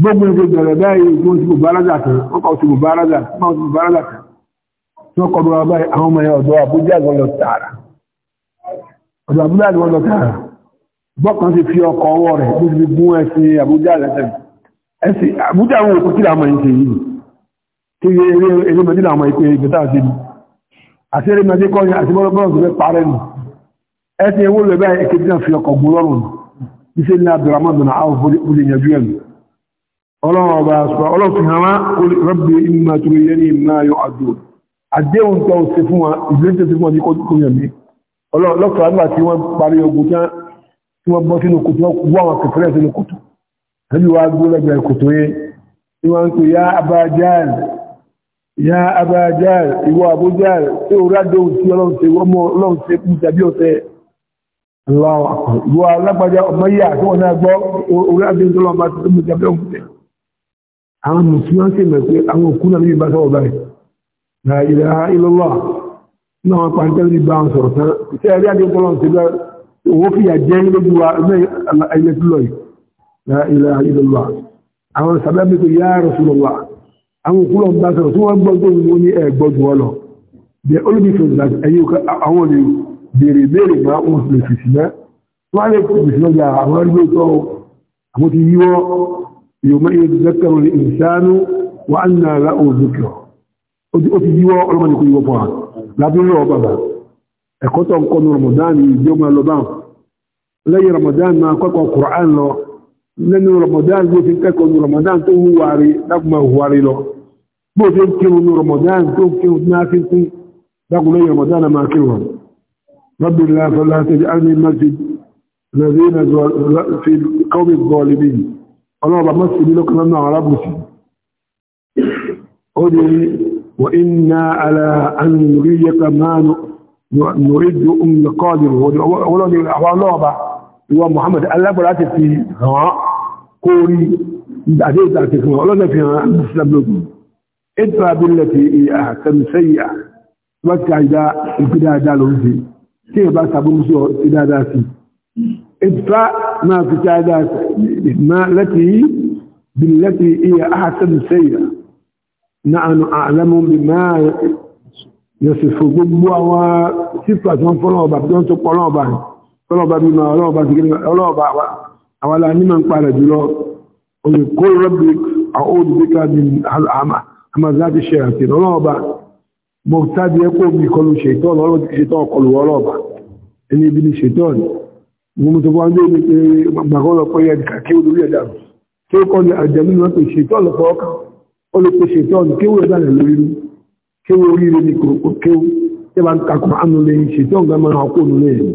gbogbo ẹgbẹ́ bẹ̀rẹ̀ báyìí wọ́n ti gbogbo alájà kan wọ́n kọ̀ sí gbogbo alájà kan wọ́n ti gbogbo alájà kan tí wọ́n kọlu wọn báyìí àwọn ọmọ ẹ̀ ọ̀dọ́ Àbújá wọn lọ tààrà ọ̀dọ́ Àbújá wọn lọ tààrà bọ́kàn ti fi ọkọ̀ ọwọ́ rẹ̀ ló ti gún ẹsìn Àbújá lẹ́sẹ̀ ẹsìn Àbújá wọn kò kí làwọn ẹ̀yìn yìí kí eré mẹ́tí làwọn ìpè ìgbésà ni àti ni àti bọ́lọ́ bọ́lọ́ fẹ́ parẹ́ nù ẹsìn ewúrẹ́ báyìí èkejì náà fi ọlọ́run ọba àṣùpá ọlọ́fin hàn wá rẹ́bì ìmọ̀ tó yẹ ní ìmọ̀ ayọ̀ àdó àdéhùn tó ṣe fún wa ìgbésẹ̀ tó ṣe fún wa ní kókó yẹn mi ọlọ́fin àgbà tí wọ́n parí ogun tán tí wọ́n bọ́ sínú kòtò wọ́n wọ́n kẹfẹ́rẹ́ sínú kòtò ẹbí wa gbó lẹ́gbẹ̀ẹ́ kòtò yẹn ọmọ yíyà tí wọ́n náà gbọ́ orí àdéhùn ti tó mú tàbí ọ̀sẹ̀ àwọn musulman sì mẹ́ pé àwọn òkú náà níbi bá sọ́wọ́ báyìí na ilaha illallah náà wọn pàǹtẹ́ níbi bá wọn sọ̀rọ̀ tán iṣẹ́ rí adé tọ́lọ́ ti bá owó fìyà jẹ́ lójú wa ẹgbẹ́ tó lọ yìí na ilaha àwọn sàbẹ́ bí pé ya rasulullah àwọn òkú náà bá sọ̀rọ̀ tí wọ́n gbọ́ tó wọ́n ní ẹ̀ gbọ́ jù wọ́n lọ bí olùbí fèsìlá ẹ̀yìn àwọn olè béèrè béèrè máa ń lè lè fèsì náà يوم يتذكر الإنسان وأن لا ذكر ó ti yíwọ́ ọlọ́mọdé kò yíwọ́ fún wa lábúrú ọ bàbá ẹ̀kọ́ tó ń kọ́nu Ramadan ìdí ọmọ ẹlọ́bàn lẹ́yìn Ramadan máa kọ́kọ́ Qur'an lọ lẹ́nu Ramadan ló fi kẹ́kọ̀ọ́ nu Ramadan tó ń wárí dákùnmọ̀ ìwárí lọ bó ti ń kírun nu Ramadan tó ń kírun náà fi kún dákùn lẹ́yìn Ramadan máa kírun ربي لا فلا تجعلني مسجد الذين في قوم الظالمين ọlọ́ọ̀bà mọ́ sí nílọ́kan lọ́nà arábùsì ó dé wà iná ala an rí yẹka máa nùrí jù ń lọ́kọ́dìrì wọ́lọ́dì àwọn ọlọ́ọ̀bà ìwọ Muhammad alágbàrá ti fi hàn kó rí àdé wọ́n ti àjá ìpídáadáa lórí sí tí ìbá sàbúrú sí ادفع ما في تعداد ما التي بالتي هي احسن سيئة نحن اعلم بما يصف gbogbo àwọn sífà tí wọ́n fọ́lọ́ ọba tí wọ́n tó pọ̀ lọ́ọ̀bá fọ́lọ́ọ̀bá bí ma ọlọ́ọ̀bá ti gẹ́gẹ́ ọlọ́ọ̀bá àwọn aláàníma ń parẹ̀ jùlọ olùkó rọ́bì mun tó wọ́n dé ní pé gbàgbọ́ lọ pé ẹ̀dìkà kí olórí ẹ̀dà rù tí ó kọ́ ní àjẹmí wọn pè ṣètò ọ̀lọ́pọ̀ ọkà ó lè pè ṣètò ọ̀nà kéwò ẹ̀dà rẹ̀ lórí rú kéwò orí rẹ̀ ní kòkó kéwò tí wọ́n kakọ̀ ánú lè ṣètò ọ̀gá máa hàn kó nílé yìí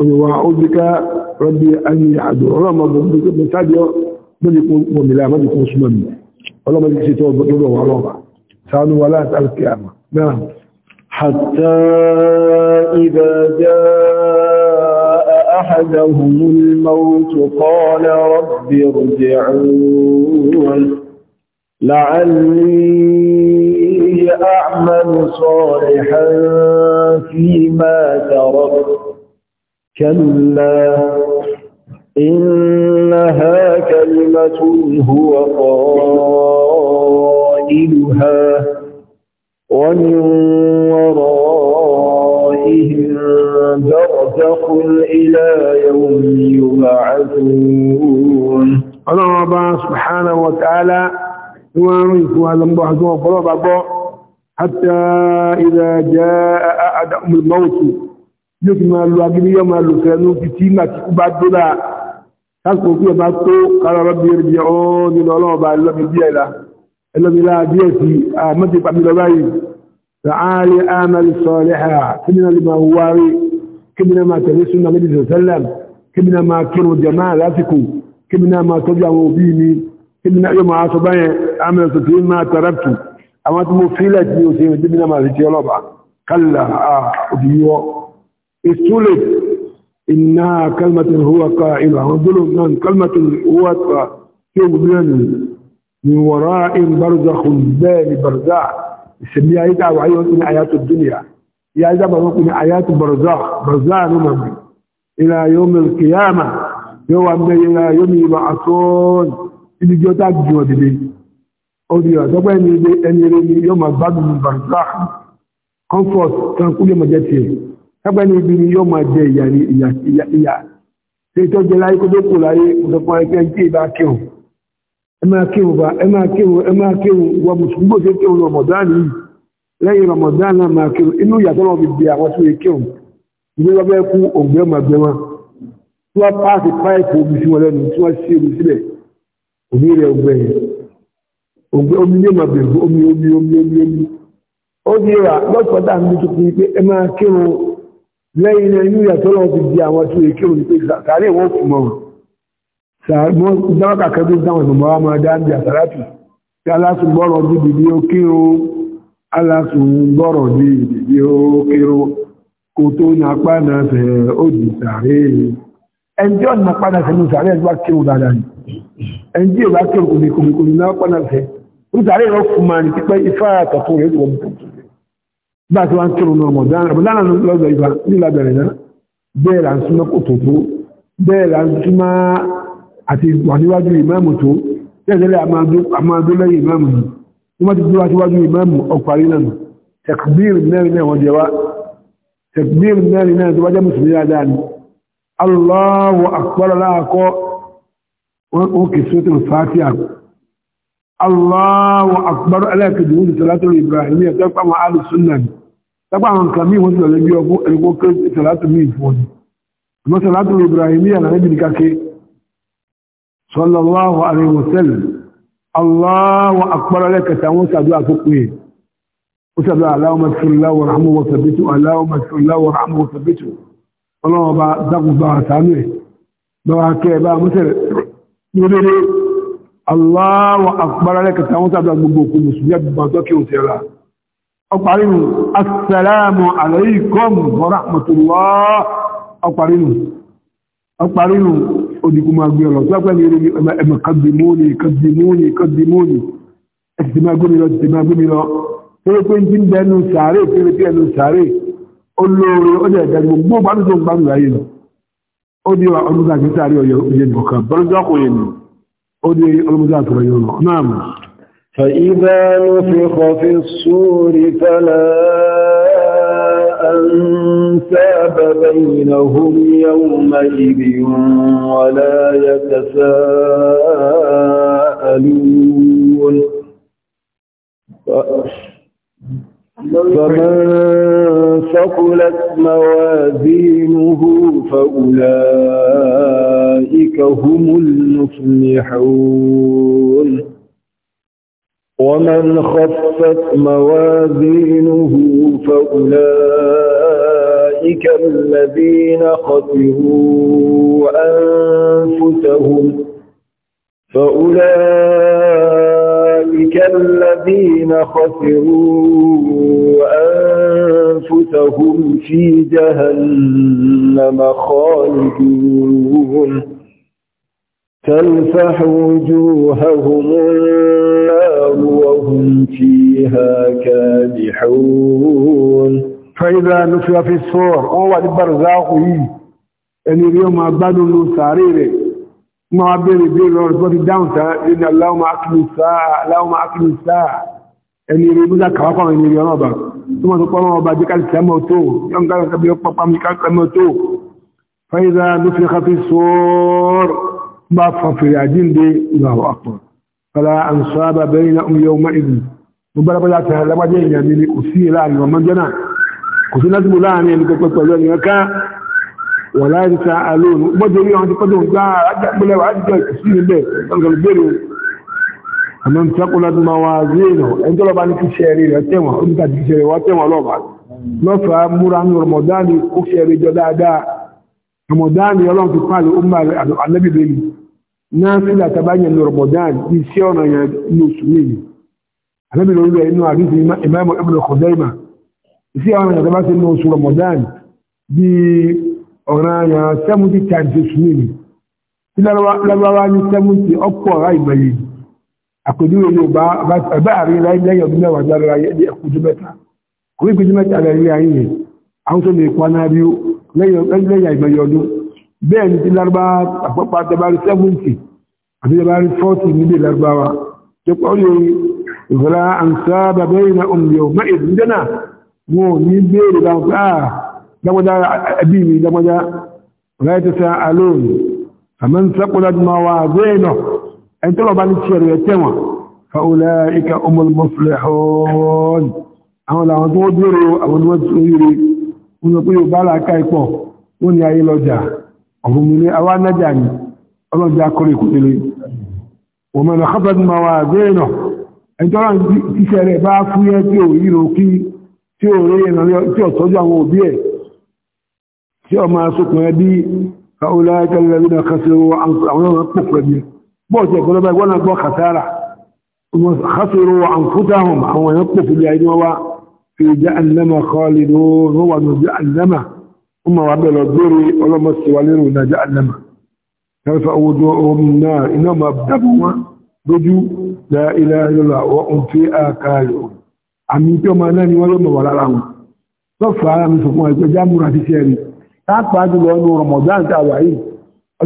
olùwà ó bí ká rọ́bì ayé àdó ọlọ́mọdé sáájú ọmọdé kò أحدهم الموت قال رب ارجعون لعلي أعمل صالحا فيما تركت كلا إنها كلمة هو قائلها ومن ورائهم برزخ إلى يوم يبعثون ọlọ́run ọba ṣùgbọ́n wọ̀tàálá tí wọ́n rú ìfún alọ́gbọ́ àti wọn fọ́lọ́ bá gbọ́ hátà ìrẹ̀jẹ́ àdámùlmọ́ọ̀tù yóò fi máa lo agídíyọ́ máa lò fẹ́nu fi tí máa ti kú bá dóra lásìkò kí ọba tó kára rọ́bì rẹ̀ ọ́ nínú ọlọ́run ọba ẹlọ́mi كبنا ما تنسون النبي صلى الله عليه وسلم كبنا ما كروا جمال أسكو كبنا ما تجعوا بيني كبنا يوم عاصباني عمل سفين ما تربت أما تموفيلت يوسيم كبنا ما في تيولوبا قال أبيو استولد إنها كلمة هو قائلة وظلم من كلمة هو قائلة من وراء برزخ البال برزاء يسميها إذا وعيون من الدنيا ya ìjábà wọn kò ní àyàtù barzakh barzakh ní màmí ila yawmil qiyamah yóò wà mẹ́ ila yawmi yub'athun ibi jọ tá ju ọ̀dìdì ya yóò àtọ́gbẹ́ ẹni ilé ẹni ilé ni yóò máa barzakh comfort kan kúlẹ̀ mọ̀ jẹ́ tiẹ̀ ẹgbẹ́ ní ibi ni yóò ya ya ìyà ìyà ṣe lẹ́yìn Ramadan náà máa kí inú ìyàtọ̀ náà fi bí àwọn tí ó kí òun ìlú wọ́n bẹ́ẹ̀ kú ògbẹ́ màgbẹ́ wọn tí wọ́n pààsì páìpù omi sí wọn lẹ́nu tí wọ́n sí omi sílẹ̀ òní rẹ̀ ògbẹ́ yẹn ògbẹ́ omi ní màgbẹ́ omi omi omi omi omi ó ní ra lọ́sọ̀dá mi tó fi pé ẹ máa kírun lẹ́yìn inú ìyàtọ̀ náà fi bí àwọn tí ó kí òun pé sàárẹ̀ wọ́n fún wọn sàárẹ̀ dáwọ́ kàkẹ́ tó dáwọn ìmọ̀ wa máa dá ń bí àsàràtù tí alásùgbọ́rọ̀ bíbí ni ó kírun alásùn gbọ́rọ̀ ní ìdìdí ó kéró kò tó napá náà fẹ́ òdì sàárè ẹnjí ọ̀nà napá náà fẹ́ ní sàárè ẹgbà kéwù dáadáa ni ẹnjí ìwà kéwù kòmìkòmìkòmì náà pá náà fẹ́ ní sàárè rọ fún ma ní pípẹ́ ifá àtọ̀tún rẹ̀ wọ́n tó bá ti wá ń kéwù náà mọ̀ dáná lọ́dọ̀ ìfà nílà bẹ̀rẹ̀ náà bẹ́ẹ̀ là ń súnmọ́ kò tó tó bẹ́ẹ̀ là ń súnmọ́ àti wà níwájú ìmáàmù tó tẹ́lẹ̀ wọ́n ti dúró aṣíwájú ìmáàmù ọ̀parí náà tẹ̀kbírì mẹ́rin náà wọ́n jẹwa tẹ̀kbírì mẹ́rin náà tó wájẹ́ mùsùlùmí dáadáa ni Allahu akbar láàkọ́ wọ́n kì sótò fàtíà Allahu akbar alákejì wọ́n ti sàlátò Ibrahim yẹ tẹ́pà wọn alù súnà ni tẹ́pà wọn kà míì wọ́n ti lọ́lẹ́ bí ọkọ́ ẹ̀kọ́ kẹ́ sàlátò ni Allahu akbar lẹ́kẹta wọ́n sàdúrà tó pè ó sàdúrà Allahumma ighfir lahu warhamhu wa thabbithu Allahumma ighfir lahu warhamhu wa thabbithu ọlọ́wọ́ bá dákùn bá àtàánú ẹ̀ bá wá kẹ́ bá mọ́sẹ̀rẹ̀ lórílẹ̀ Allahu akbar lẹ́kẹta wọ́n sàdúrà gbogbo òkú mùsùlùmí bàtọ́ odi kó máa gbé ọ̀rọ̀ tó pẹ́ mi rí ẹ̀mọ̀ kàbìmóni kàbìmóni kàbìmóni ẹ̀sì ti máa gbé lọ ti máa gbé lọ torí pé ti ń bẹnu sàárè kéré kí ẹnu sàárè olóore ó dẹ̀ ẹ̀dẹ̀ gbogbo gbádùn tó ń gbádùn láyé lọ ó di wa ọdún láti sáré ọyọ òye nìkan bọ́lọ́dọ́ kò yẹn nù ó di ọlọ́mọdé àtọ̀rọ̀ yọ lọ náà mọ̀. فإذا نفخ في الصور فلا أنساب تاب بينهم يومئذ ولا يتساءلون فمن ثقلت موازينه فأولئك هم المفلحون ومن خفت موازينه فأولئك الذين خسروا أنفسهم فأولئك الذين خسروا أنفسهم في جهنم خالدون تلفح وجوههم وهم فيها كادحون فإذا نفي في الصور هو البرزاقي ẹni rí ọmọ agbádùn ló sàárè rẹ̀ máa bèèrè bí lọ́rọ̀ tó ti dáhùn sáà ní aláwọ̀má akílù sáà ẹni rí mújá kàwápàá ẹni rí ọmọ ọba tó mọ́ tó pọ́ ọmọ ọba jẹ́ káàkiri sẹ́mọ̀ tó yọ́ngáyọ̀ kẹbí ọpọpá mi káàkiri tó fẹ́ ìzá ló fi kàfi sọ́ọ̀rọ̀ bá fàfèrè àjíǹde ìlàwọ̀ àpọ̀ فلا أنصاب بينهم يومئذ مبارك الله تعالى وجهنا يعني من أسير لان ومن جنا كسنا ذم لان يعني كتبت وجهنا كا ولا يسألون بدري عن قدوم لا أجب له أجب كسير به أنقل بيرو أمن تقلت موازينه أنت لو بانك شعري أتما أنت شعري وأتما لو بعد لو فمران رمضان أشعري جدا دا رمضان يلون في قال أمة النبي بيه náàfíìlà tàbáyẹ̀ lọ rọ̀mọ̀dán iṣẹ́ ọ̀nà yẹn ní oṣù méjì alábìnrin orílẹ̀ inú àríṣì ìmáàmù ẹbùnà kọ̀dẹ́ìmà iṣẹ́ ọ̀nà yẹn tàbáyẹ̀ ní oṣù rọ̀mọ̀dán bí ọ̀nà yẹn sẹ́mùtì times oṣù méjì tí lárúbáwá ní sẹ́mùtì ọ̀pọ̀ ọ̀rá ìgbẹ̀yìn àpèjúwe ní ọba ẹ̀bá àárín lẹ́yìn ọdún mẹ́wàá jára ní ẹ̀kújú mẹ́ta kò ní ìpèjú mẹ́ta bẹ́ẹ̀ ni ti lárúbá àpapọ̀ àtẹbárí 70 àti tẹbárí 40 níbi lárúbáwá tó pọ̀ lè ìfẹ́lá àǹsáàbà bẹ́ẹ̀ na òmìnira ọmọ ìdí jẹ́nà wọn ní bèèrè dágbàdá ah, ẹbí mi dágbàdá rẹ́tẹsà alóòn àmọ́ sápọ̀lá ma wà bẹ́ẹ̀nà ẹni tó lọ́ba ní tiẹ̀ rẹ̀ tẹ̀wọ̀n fàúlẹ̀ ìka ọmọlùmọ́fìlẹ̀ ọ̀ọ́n àwọn làwọn tó wọ́n dúró àwọn tó wọ́n tó yìí rí wọn lọ pé yóò bá làákà ìpọ̀ wọn ni ayé lọ́jà ọ̀rùnmílé awánájà ni ọlọ́jà kọ́lé kòtèlé òmìnà harvard ma wà zéènà ẹjọ́ràn iṣẹ́ rẹ̀ bá fúyẹ́ tí ò yíro kí tí ò rí ẹ̀nà tí ò tọ́jú àwọn òbí ẹ̀ tí ọ máa sókùn ẹbí káwọlá ẹgbẹ̀rẹ̀ náà kásẹ̀ àwọn ọmọ pọ̀ pẹ̀lú bọ́ọ̀tì ọmọ wa bẹ̀rẹ̀ lọ́gbẹ̀rẹ̀ ọlọ́mọ sí wa lérò ìdájá alẹ́mà kẹfà owó dọ́ omi náà iná ma dábò wọn lójú la ilẹ̀ ayọ́lá ọ̀hún fi àkàlẹ̀ ọ̀ àmì tí ọmọ náà ni wọ́n lọ́mọ wà lára wọn lọ́fà ara mi sọ fún wa ẹgbẹ́ jámúra ti sẹ́ẹ̀rì táàpá jùlọ ọ̀nà Ramadan tá a wà yìí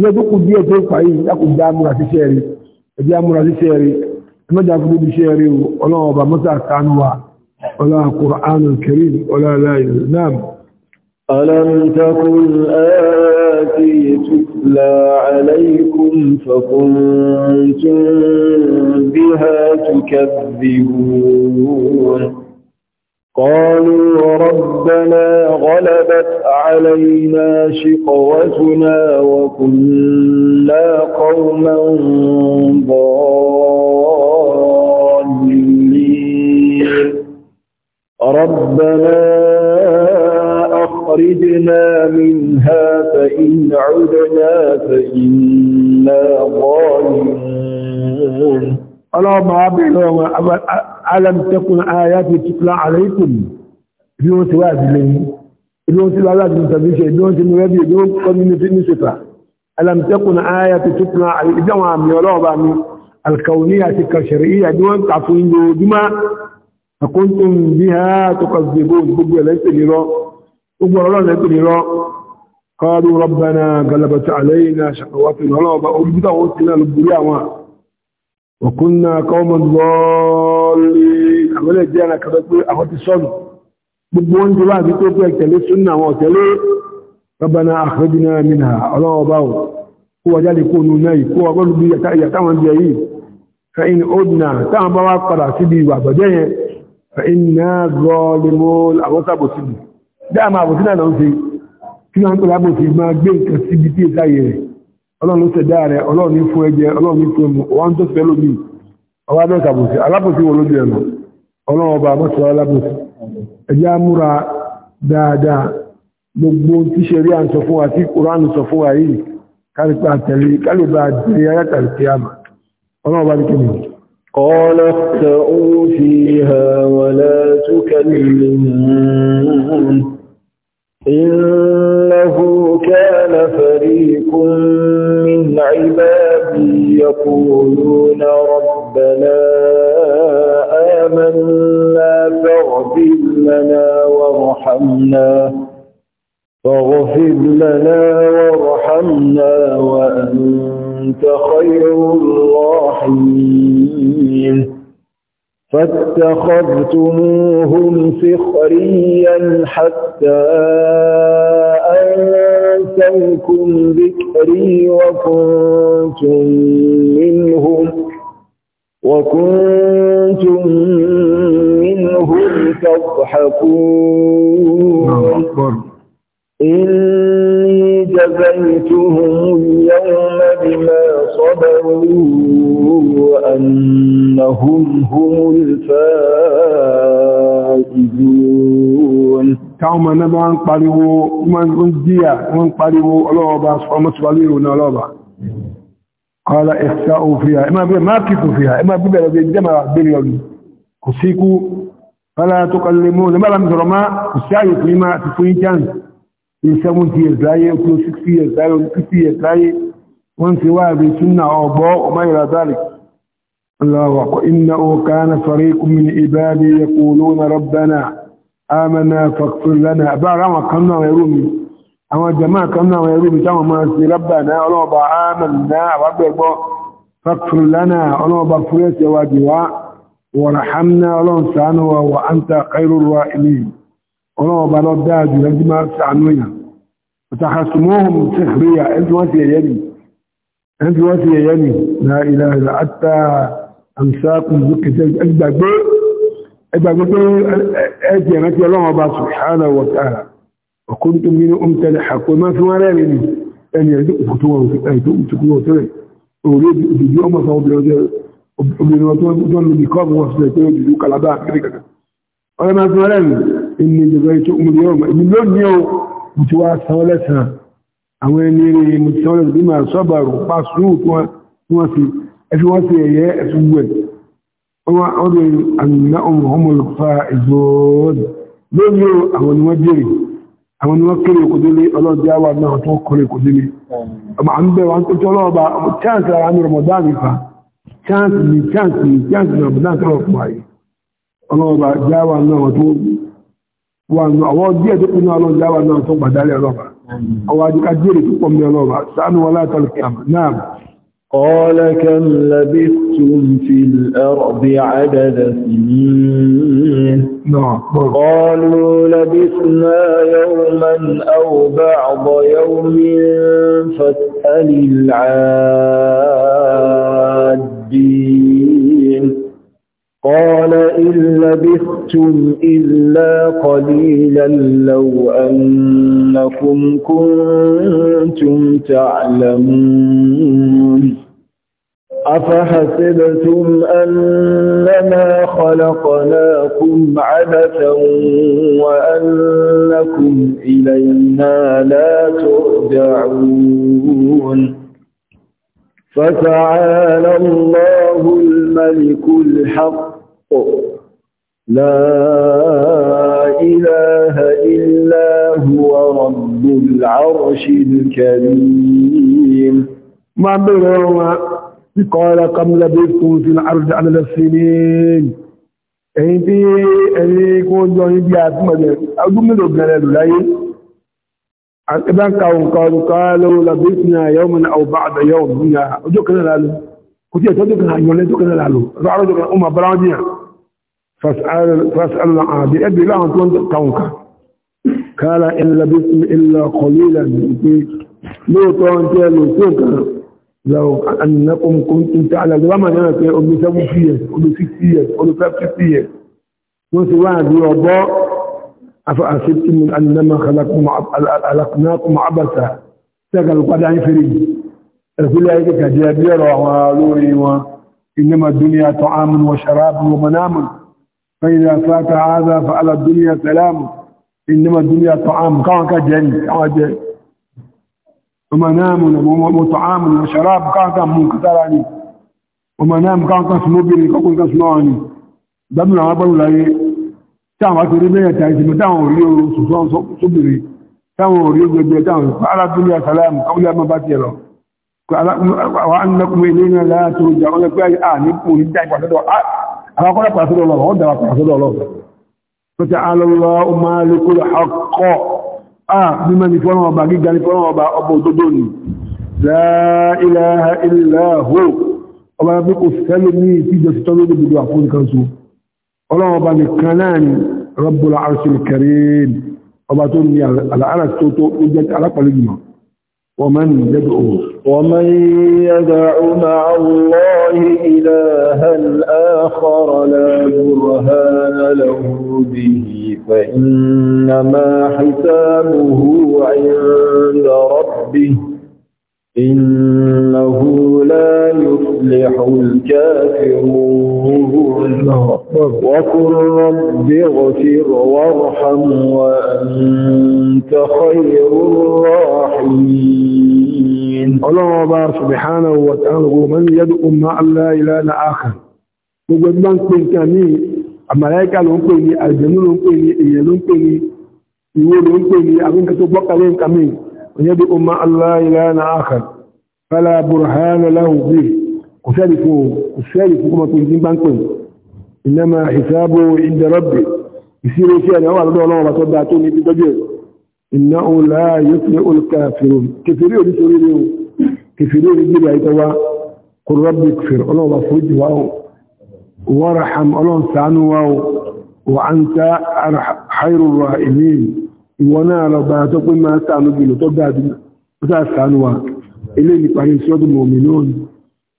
ọjọ́ tó ألم تكن آياتي تتلى عليكم فكنتم بها تكذبون قالوا ربنا غلبت علينا شقوتنا وكنا قوما ضالين ربنا أخرجنا منها فإن عدنا فإنا ظالمون اللهم أبعنا ألم تكن آياتي تتلى عليكم في تواد لي بيوم تلالات من تبيشة بيوم تنوبي بيوم قمنا في نسفة ألم تكن آياتي تتلى عليكم يا رب الله الكونية الشرعية دون تعفوين دماء فكنتم بها تكذبون بقوا ليس لرؤ gbogbo ọ̀rọ̀ lẹ́gbẹ̀ ní rọ́ kọ́rù rọ́bẹ̀nà galabata aláìna ṣàkọwàtí lọ́lọ́ọ̀bá olùgbítà wọ́n ti náà lùgbúrí àwọn ọkùnna kọ́mọ̀n lọ́ọ̀lì àmọ́lẹ̀ jẹ́ ara kàbẹ́ pé àwọn ti sọ́nù gbogbo wọn ti láti tó pé ẹ̀tẹ̀lé súnà àwọn ọ̀tẹ̀lé rọ́bẹ̀nà àkọ́jìnà mìnà ọlọ́ọ̀bá ò kó dáàmà àbòsí náà lọ ń ṣe kí wọ́n ń pè lábòsí máa gbé nǹkan síbi tí èsà yẹ rẹ̀ ọlọ́run ló ṣẹ̀dá rẹ̀ ọlọ́run ní fún ẹjẹ ọlọ́run ní fún ẹmu ọwọ́ ń tó fẹ́ lómi ọwọ́ adọ́ta àbòsí alábòsí wo lójú ẹ̀nà ọlọ́run ọba àmọ́sọ̀ alábòsí ẹ̀jẹ̀ amúra dáadáa gbogbo tíṣe rí à ń sọ fún wa tí kùránù sọ fún wa yìí kálípà tẹ̀lé kálípà tẹ̀lé ayátàlì kíámà ọlọ́run قال اخسأوا فيها ولا تكلمون إنه كان فريق من عبادي يقولون ربنا آمنا فاغفر لنا وارحمنا فاغفر لنا وارحمنا وأنت أنت خير الراحمين فاتخذتموهم سخريا حتى أنسوكم ذكري وكنتم منهم وكنتم منهم تضحكون نعم، جزيتهم اليوم بما صبروا أنهم هم الفائزون كما نبان قالوا من رجيا من قالوا الله با صمت ولينا الله قال اخسأوا فيها اما ما كيفوا فيها اما بيبالا بي جمع بليون كسيكو فلا تكلمون ما لم ترما كسيكو فيما تفوين كانت seventy years láyé ó tó sixty years láyé ó fifty years láyé wọ́n ti wá àbí súnà ọ̀gbọ́ ọmọ ìrà dálì aláwọ̀ iná òkà na fari kúmin ìbáàdì ya kúló na rabbana amana fakfir lana bá àwọn kan náà ẹrù mi ọlọ́wọ́ bá lọ dáa jù lọ́jí máa sàánú èèyàn ọ̀tàkàsùmọ́hùn tẹ̀kìríyà ẹni wọ́n ti ẹ̀yẹ́ nì ẹni wọ́n ti ẹ̀yẹ́ nì na ilẹ̀ ilẹ̀ àtà àmìsáàkùn lókèjẹ́ ẹgbàgbé pé ẹjì ẹ̀rántí ọlọ́wọ́ bá sùhánà wọ̀tàrà ọkùnrin nínú omtẹ́lẹ̀ àkó máa fi wọ́n rẹ̀ nì ẹni ẹ̀dí òkútù wọn ẹ̀dí òkútù wọn tẹ́lẹ̀ ilé ìjọba ètò òmìnir yóò mọ̀ èmi lónìí o mo ti wá sanwó lẹ́sàn àwọn ẹni rí mo ti sanwó lẹ́sàn bí máa sọ́bàrù pa sùúrù tí wọ́n fi ẹfi wọ́n ti ẹ̀yẹ awon wẹ̀ wọ́n ọdún àmìnà ọmọ ọmọ olùkọ́fà chance نعم قال كم لبثتم في الأرض عدد سنين قالوا لبثنا يوما أو بعض يوم فاسأل العادين قال إن لبثتم إلا قليلا لو أنكم كنتم تعلمون أفحسبتم أنما خلقناكم عبثا وأنكم إلينا لا ترجعون فتعالى الله الملك الحق لا إله إلا هو رب العرش الكريم ما بالروا قال كم لبثتم في العرش على السنين أنتي أني كون جوني بيات مجد أقول من ربنا للولاي أكبر كون كون قالوا لبثنا يوما أو بعد يوم دنيا أجوك نلالو كنت يتدوك نعيون لتوك نلالو رأى رجوك نعيون لتوك نلالو فاسأل, فاسأل عادي أدي إيه لا أنتون كونك قال إن لبثتم إلا قليلا لو لوطا أنت لوطوك لو أنكم كنتم تعلمون وما أنا في أم سبع فيه أم ست فيه أم سبع فيه وسواد أفأسبتم من أنما خلقناكم عبثا سقل قد عن فريد الكل هيك كجابير وعلوري وإنما الدنيا طعام وشراب ومنام فإذا فات هذا فعلى الدنيا سلام إنما الدنيا طعام كان كجن عاجل ومنام وطعام وشراب كان كان منكسراني ومنام كان كان سنوبري كان كان سنواني دمنا عبروا لي تعمل تربية تعيسي تعمل ريو سلطان صبري تعمل ريو جدي تعمل فعلى الدنيا سلام قبل ما باتي له وأنكم إلينا لا ترجعون كأي آه نبقوا نبقوا نبقوا àwọn kọ́lá pàṣẹ lọ́wọ́ wọ́n dára pàṣẹ lọ́wọ́ tó ti alọ́lọ́ ọmọlẹ́kọ́ ọkọ̀ mímọ̀ ní fọ́nà ọba gíga ní fọ́nà ọba ọba òdodo ni la ilaha illa hu ọba bí kò sẹ́lẹ̀ ní ìtìjọ sí tọ́lú òdodo àfún kan so ọlọ́wọ́ ومن يدعو ومن يدع مع الله إلها آخر لا برهان له به فإنما حسابه عند ربه إنه لا يفلح يفلح الكافرون وقل رب اغفر وارحم وأنت خير الراحمين الله بار سبحانه وتعالى من يدعو مع الله إلى الآخر وقد من كن كان الملائكة لنقيني الجنون لنقيني إيا لنقيني يقول لنقيني أبنك تبقى لنقمين ويدعو مع الله إلى الآخر فلا برهان له به وسالك وسالك كما تجدين بانكوين إنما حسابه عند ربي يصير شيء يعني الله الله الله تبع توني بدجيل إنه لا يفلع الكافرون كفرين يسولينه كفرين يجيب عيتوا قل ربي كفر الله الله فرج واو ورحم الله سعنوا واو وأنت خير الرائمين وانا لو بعتكم ما سعنوا جيلوا تبع دي وسعنوا إليني قريب سيد المؤمنون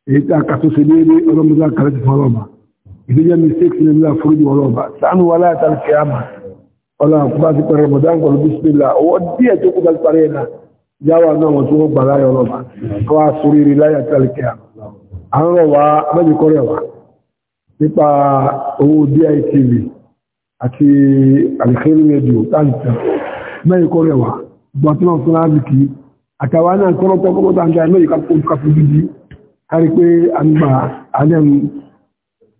èyí tí a kà tó ṣe déédéé ọlọ́mọdé àkàrẹ́ ti fọ́ ọlọ́ba ìdíjẹ́ mistake ní ilé àforíjì ọlọ́ba sánú wa láyàtà ní kíámà ọlọ́ àkúbá ti pẹ̀rẹ̀ mọ̀dán kọlu bísímìlà ọwọ́ díẹ̀ tó kúta ti parí ẹ̀ náà jáwà náà wọ́n tó gbà láyà ọlọ́ba kọ́ a sórí rí láyàtà ní kíámà à ń rọ̀ wá abẹ́jẹkọ́rẹ́ wa nípa owó DITV àti àlìkẹ́rì rédíò táǹtà mẹ́jẹkọ́rẹ́ wa gbọ́tọ́ náà fún kárí pé a ń gba adẹ́m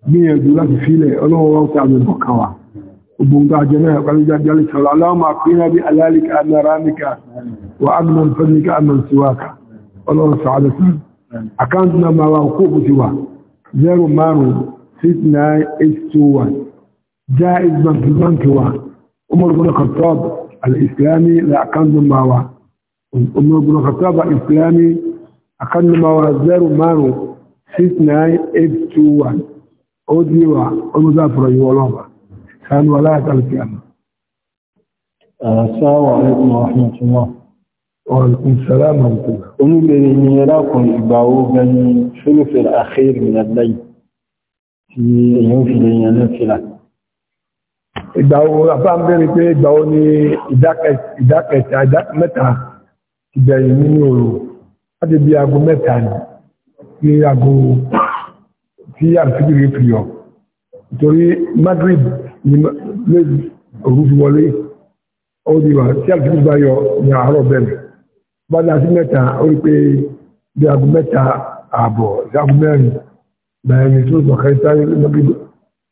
gbìyànjú láti fílẹ̀ ọlọ́wọ́ wọ́n ti àbẹ̀ bọ̀ kan wa ogun tó ajẹ́ náà pẹ̀lú jàjálì sọ̀rọ̀ aláwọ̀mà pínà bí alálìkà àmì aráníkà wà ágbìmọ̀ fẹ́ríkà àmì síwáka ọlọ́run sàádọ́ sí àkáǹtì náà máa wà kó kù sí wa 0569821 jaiz bank bank wa umar bin khattab al-islami la àkáǹtì umar bin khattab al-islami أقل موازير مارو 69821 أوديوا المزافر يولوبا كان ولا تلقيام السلام عليكم ورحمة الله وعليكم السلام ورحمة الله أمبري ميراكم إباوغا ثلث الأخير من الليل في يوم في ليلة نفلة ìgbàwo afáǹbẹ̀rẹ̀ pé ìgbàwo ni ìdákẹta mẹ́ta ìgbẹ̀yìn nínú òòrùn láti bí aago mẹ́ta ní aago tí àtìkiri fi yọ nítorí Madrid ní òru fi wọlé ó di wà tí àtìkiri bá yọ ní àárọ̀ bẹ̀rẹ̀ bá dá sí mẹ́ta ó rí pé bí aago mẹ́ta ààbọ̀ sí aago mẹ́rin bẹ̀rẹ̀ tó sọ kẹta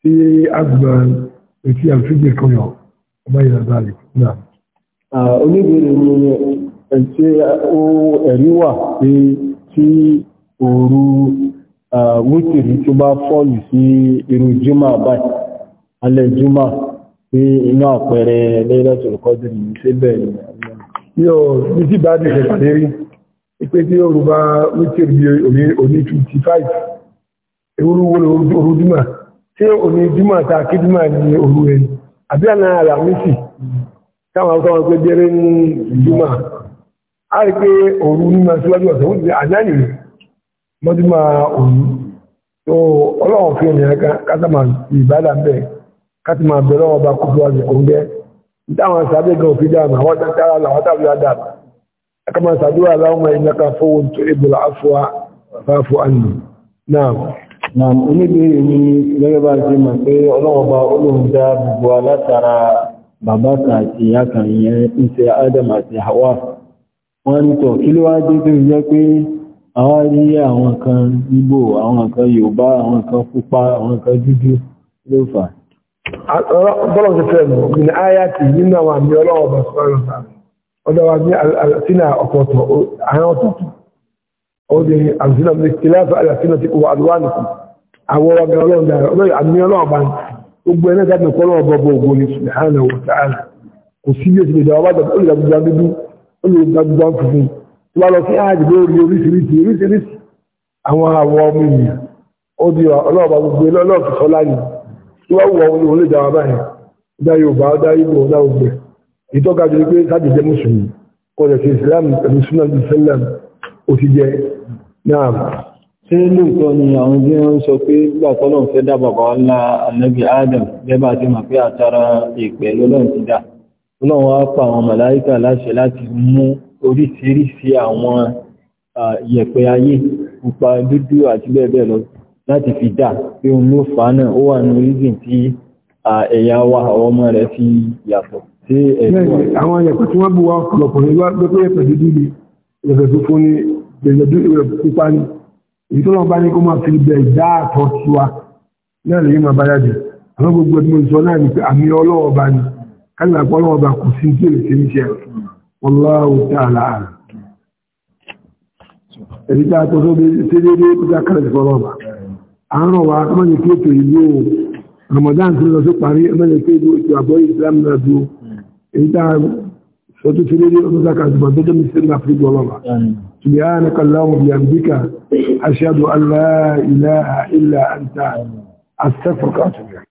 tí àgùnmọ̀ etí àtìkiri kan yọ ọmọ ìlànà àlè náà. oníbèrè ni ẹ̀ṣẹ́ ẹ̀rí wà pé tí òru wítìrí tó bá fọ́ọ̀lù sí irú jímà báyìí alẹ́ jímà pé inú àpẹẹrẹ Laylatul Qadr ní síbẹ̀ yóò ní tí bá dìṣẹ̀ pàdé rí pé tí òru bá wítìrí bí òní 25 ewúrú wọlé òru jímà ta kí jímà ní òru rẹ̀ àbí àná àlàmísì káwọn akọ́wọn pé ní jímà a rí pé òru ní ma síwájú ọ̀sẹ̀ ó ti di àjáyè rẹ̀ mọ́tí máa òru tó ọlọ́run fi ẹ̀yẹ̀ káta máa ìbádà bẹ́ẹ̀ káti máa bẹ̀rẹ̀ ọba kó tó wájú kò ń gẹ́ ìtàwọn sàbẹ̀ gan òfin dáàmà àwọn tára làwọn tàbí àdàbà aka máa sàdúrà láwọn ìlẹ́ka fowón tó ébùlà afọ́wá fáfọ́ àná oníbèrè ní gẹ́gẹ́ bá ti mọ̀ pé ọlọ́run bá olóhùn dá gbogbo alátara bàbá kan àti ìyá kan ìyẹn ń ṣe Adam àti Hawa wọ́n rí tọ̀ kí ló wá dé tó jẹ́ pé àwọn rí àwọn kan Ìgbò àwọn kan Yorùbá àwọn kan pupa àwọn kan dúdú ló fà bọ́lọ̀ ti fẹ́ mọ̀ ní àyà tí nínú àwọn àmì ọlọ́wọ́ bá sọ́rọ̀ ọjọ́ wa ní àlàsínà ọ̀pọ̀tọ̀ àwọn ọ̀tọ̀tọ̀ ó di àlàsínà ní kìláàfà àlàsínà ti wà àdúrà nìkan àwọn ọgbẹ̀ ọlọ́run dára ọlọ́run àmì ọlọ́run bá gbogbo ẹ̀nẹ́ta ní kọ́lọ́ ọ̀bọ̀ ògbò ní ṣùgbọ́n àwọn ọ̀tọ̀ àlà kò sí bí ó ti lè dá ọba dàbí olùdàgbà olùgbàgbà funfun tó bá lọ sí ààjì lórí oríṣiríṣi oríṣiríṣi àwọn àwọ ọmọ ènìyàn ó di ọlọ́ọ̀bà gbogbo lọ́lọ́ọ̀kì sọ́lá ni tó bá wọ ohun olè dára báyìí dá Yorùbá dá Ìgbò dá ogbè ìtọ́ka jẹ́ pé sáàjì jẹ́ mùsùlùmí kò jẹ́ sí Islam pẹ̀lú sunnah ní sẹ́lẹ̀m ó ti jẹ́ náà ṣé lóòótọ́ ni àwọn bí wọ́n sọ pé nígbà tọ́lọ́run fẹ́ dá bàbá ńlá Ànábì Adam gẹ́gbà tí mà pé àtàrà ìpẹ́ lọ́lọ́run ti dá ọlọ́run wá pa àwọn màláíkà láṣẹ láti mú oríṣiríṣi àwọn yẹ̀pẹ̀ ayé pupa dúdú àti bẹ́ẹ̀bẹ́ẹ̀ lọ láti fi dà pé òun ló fà náà ó wà ní orísìn tí ẹ̀yà wa àwọn ọmọ rẹ̀ fi yàtọ̀ sí ẹ̀dùn àwọn yẹ̀pẹ̀ tí wọ́n bù wá ọ̀pọ̀lọpọ̀ wá pé yẹ̀pẹ̀ dúdú ni yẹ̀pẹ̀ funfun ni yẹ̀pẹ̀ pupa ni èyí tó lọ bá ní kó máa fi bẹ̀ dá àtọ̀ tiwa náà lè yí máa bá yá jù àwọn gbogbo ẹgbẹ́ ìṣọ́ náà ni pé àmì ọlọ́wọ́ bá ni ẹgbà pọ́lọ́ ọba kò sí tí èrè sí ní ṣe wallahu ta'ala ẹ̀rí tí a tó tó ṣe déédé kó tí a kàrẹ̀ sí pọ́lọ́ ọba àárọ̀ wa ọmọdé kí ètò ìlú o Ramadan tó lọ sí parí ọmọdé kí ètò ètò àbọ̀ Islam náà èyí tá a sọ tó ṣe déédé ọmọdé kàrẹ̀ sí ọba tó mi sí ní àfíríkà ọlọ́ba سبحانك اللهم بيمدك أشهد أن لا إله إلا أنت أستغفرك وأتوب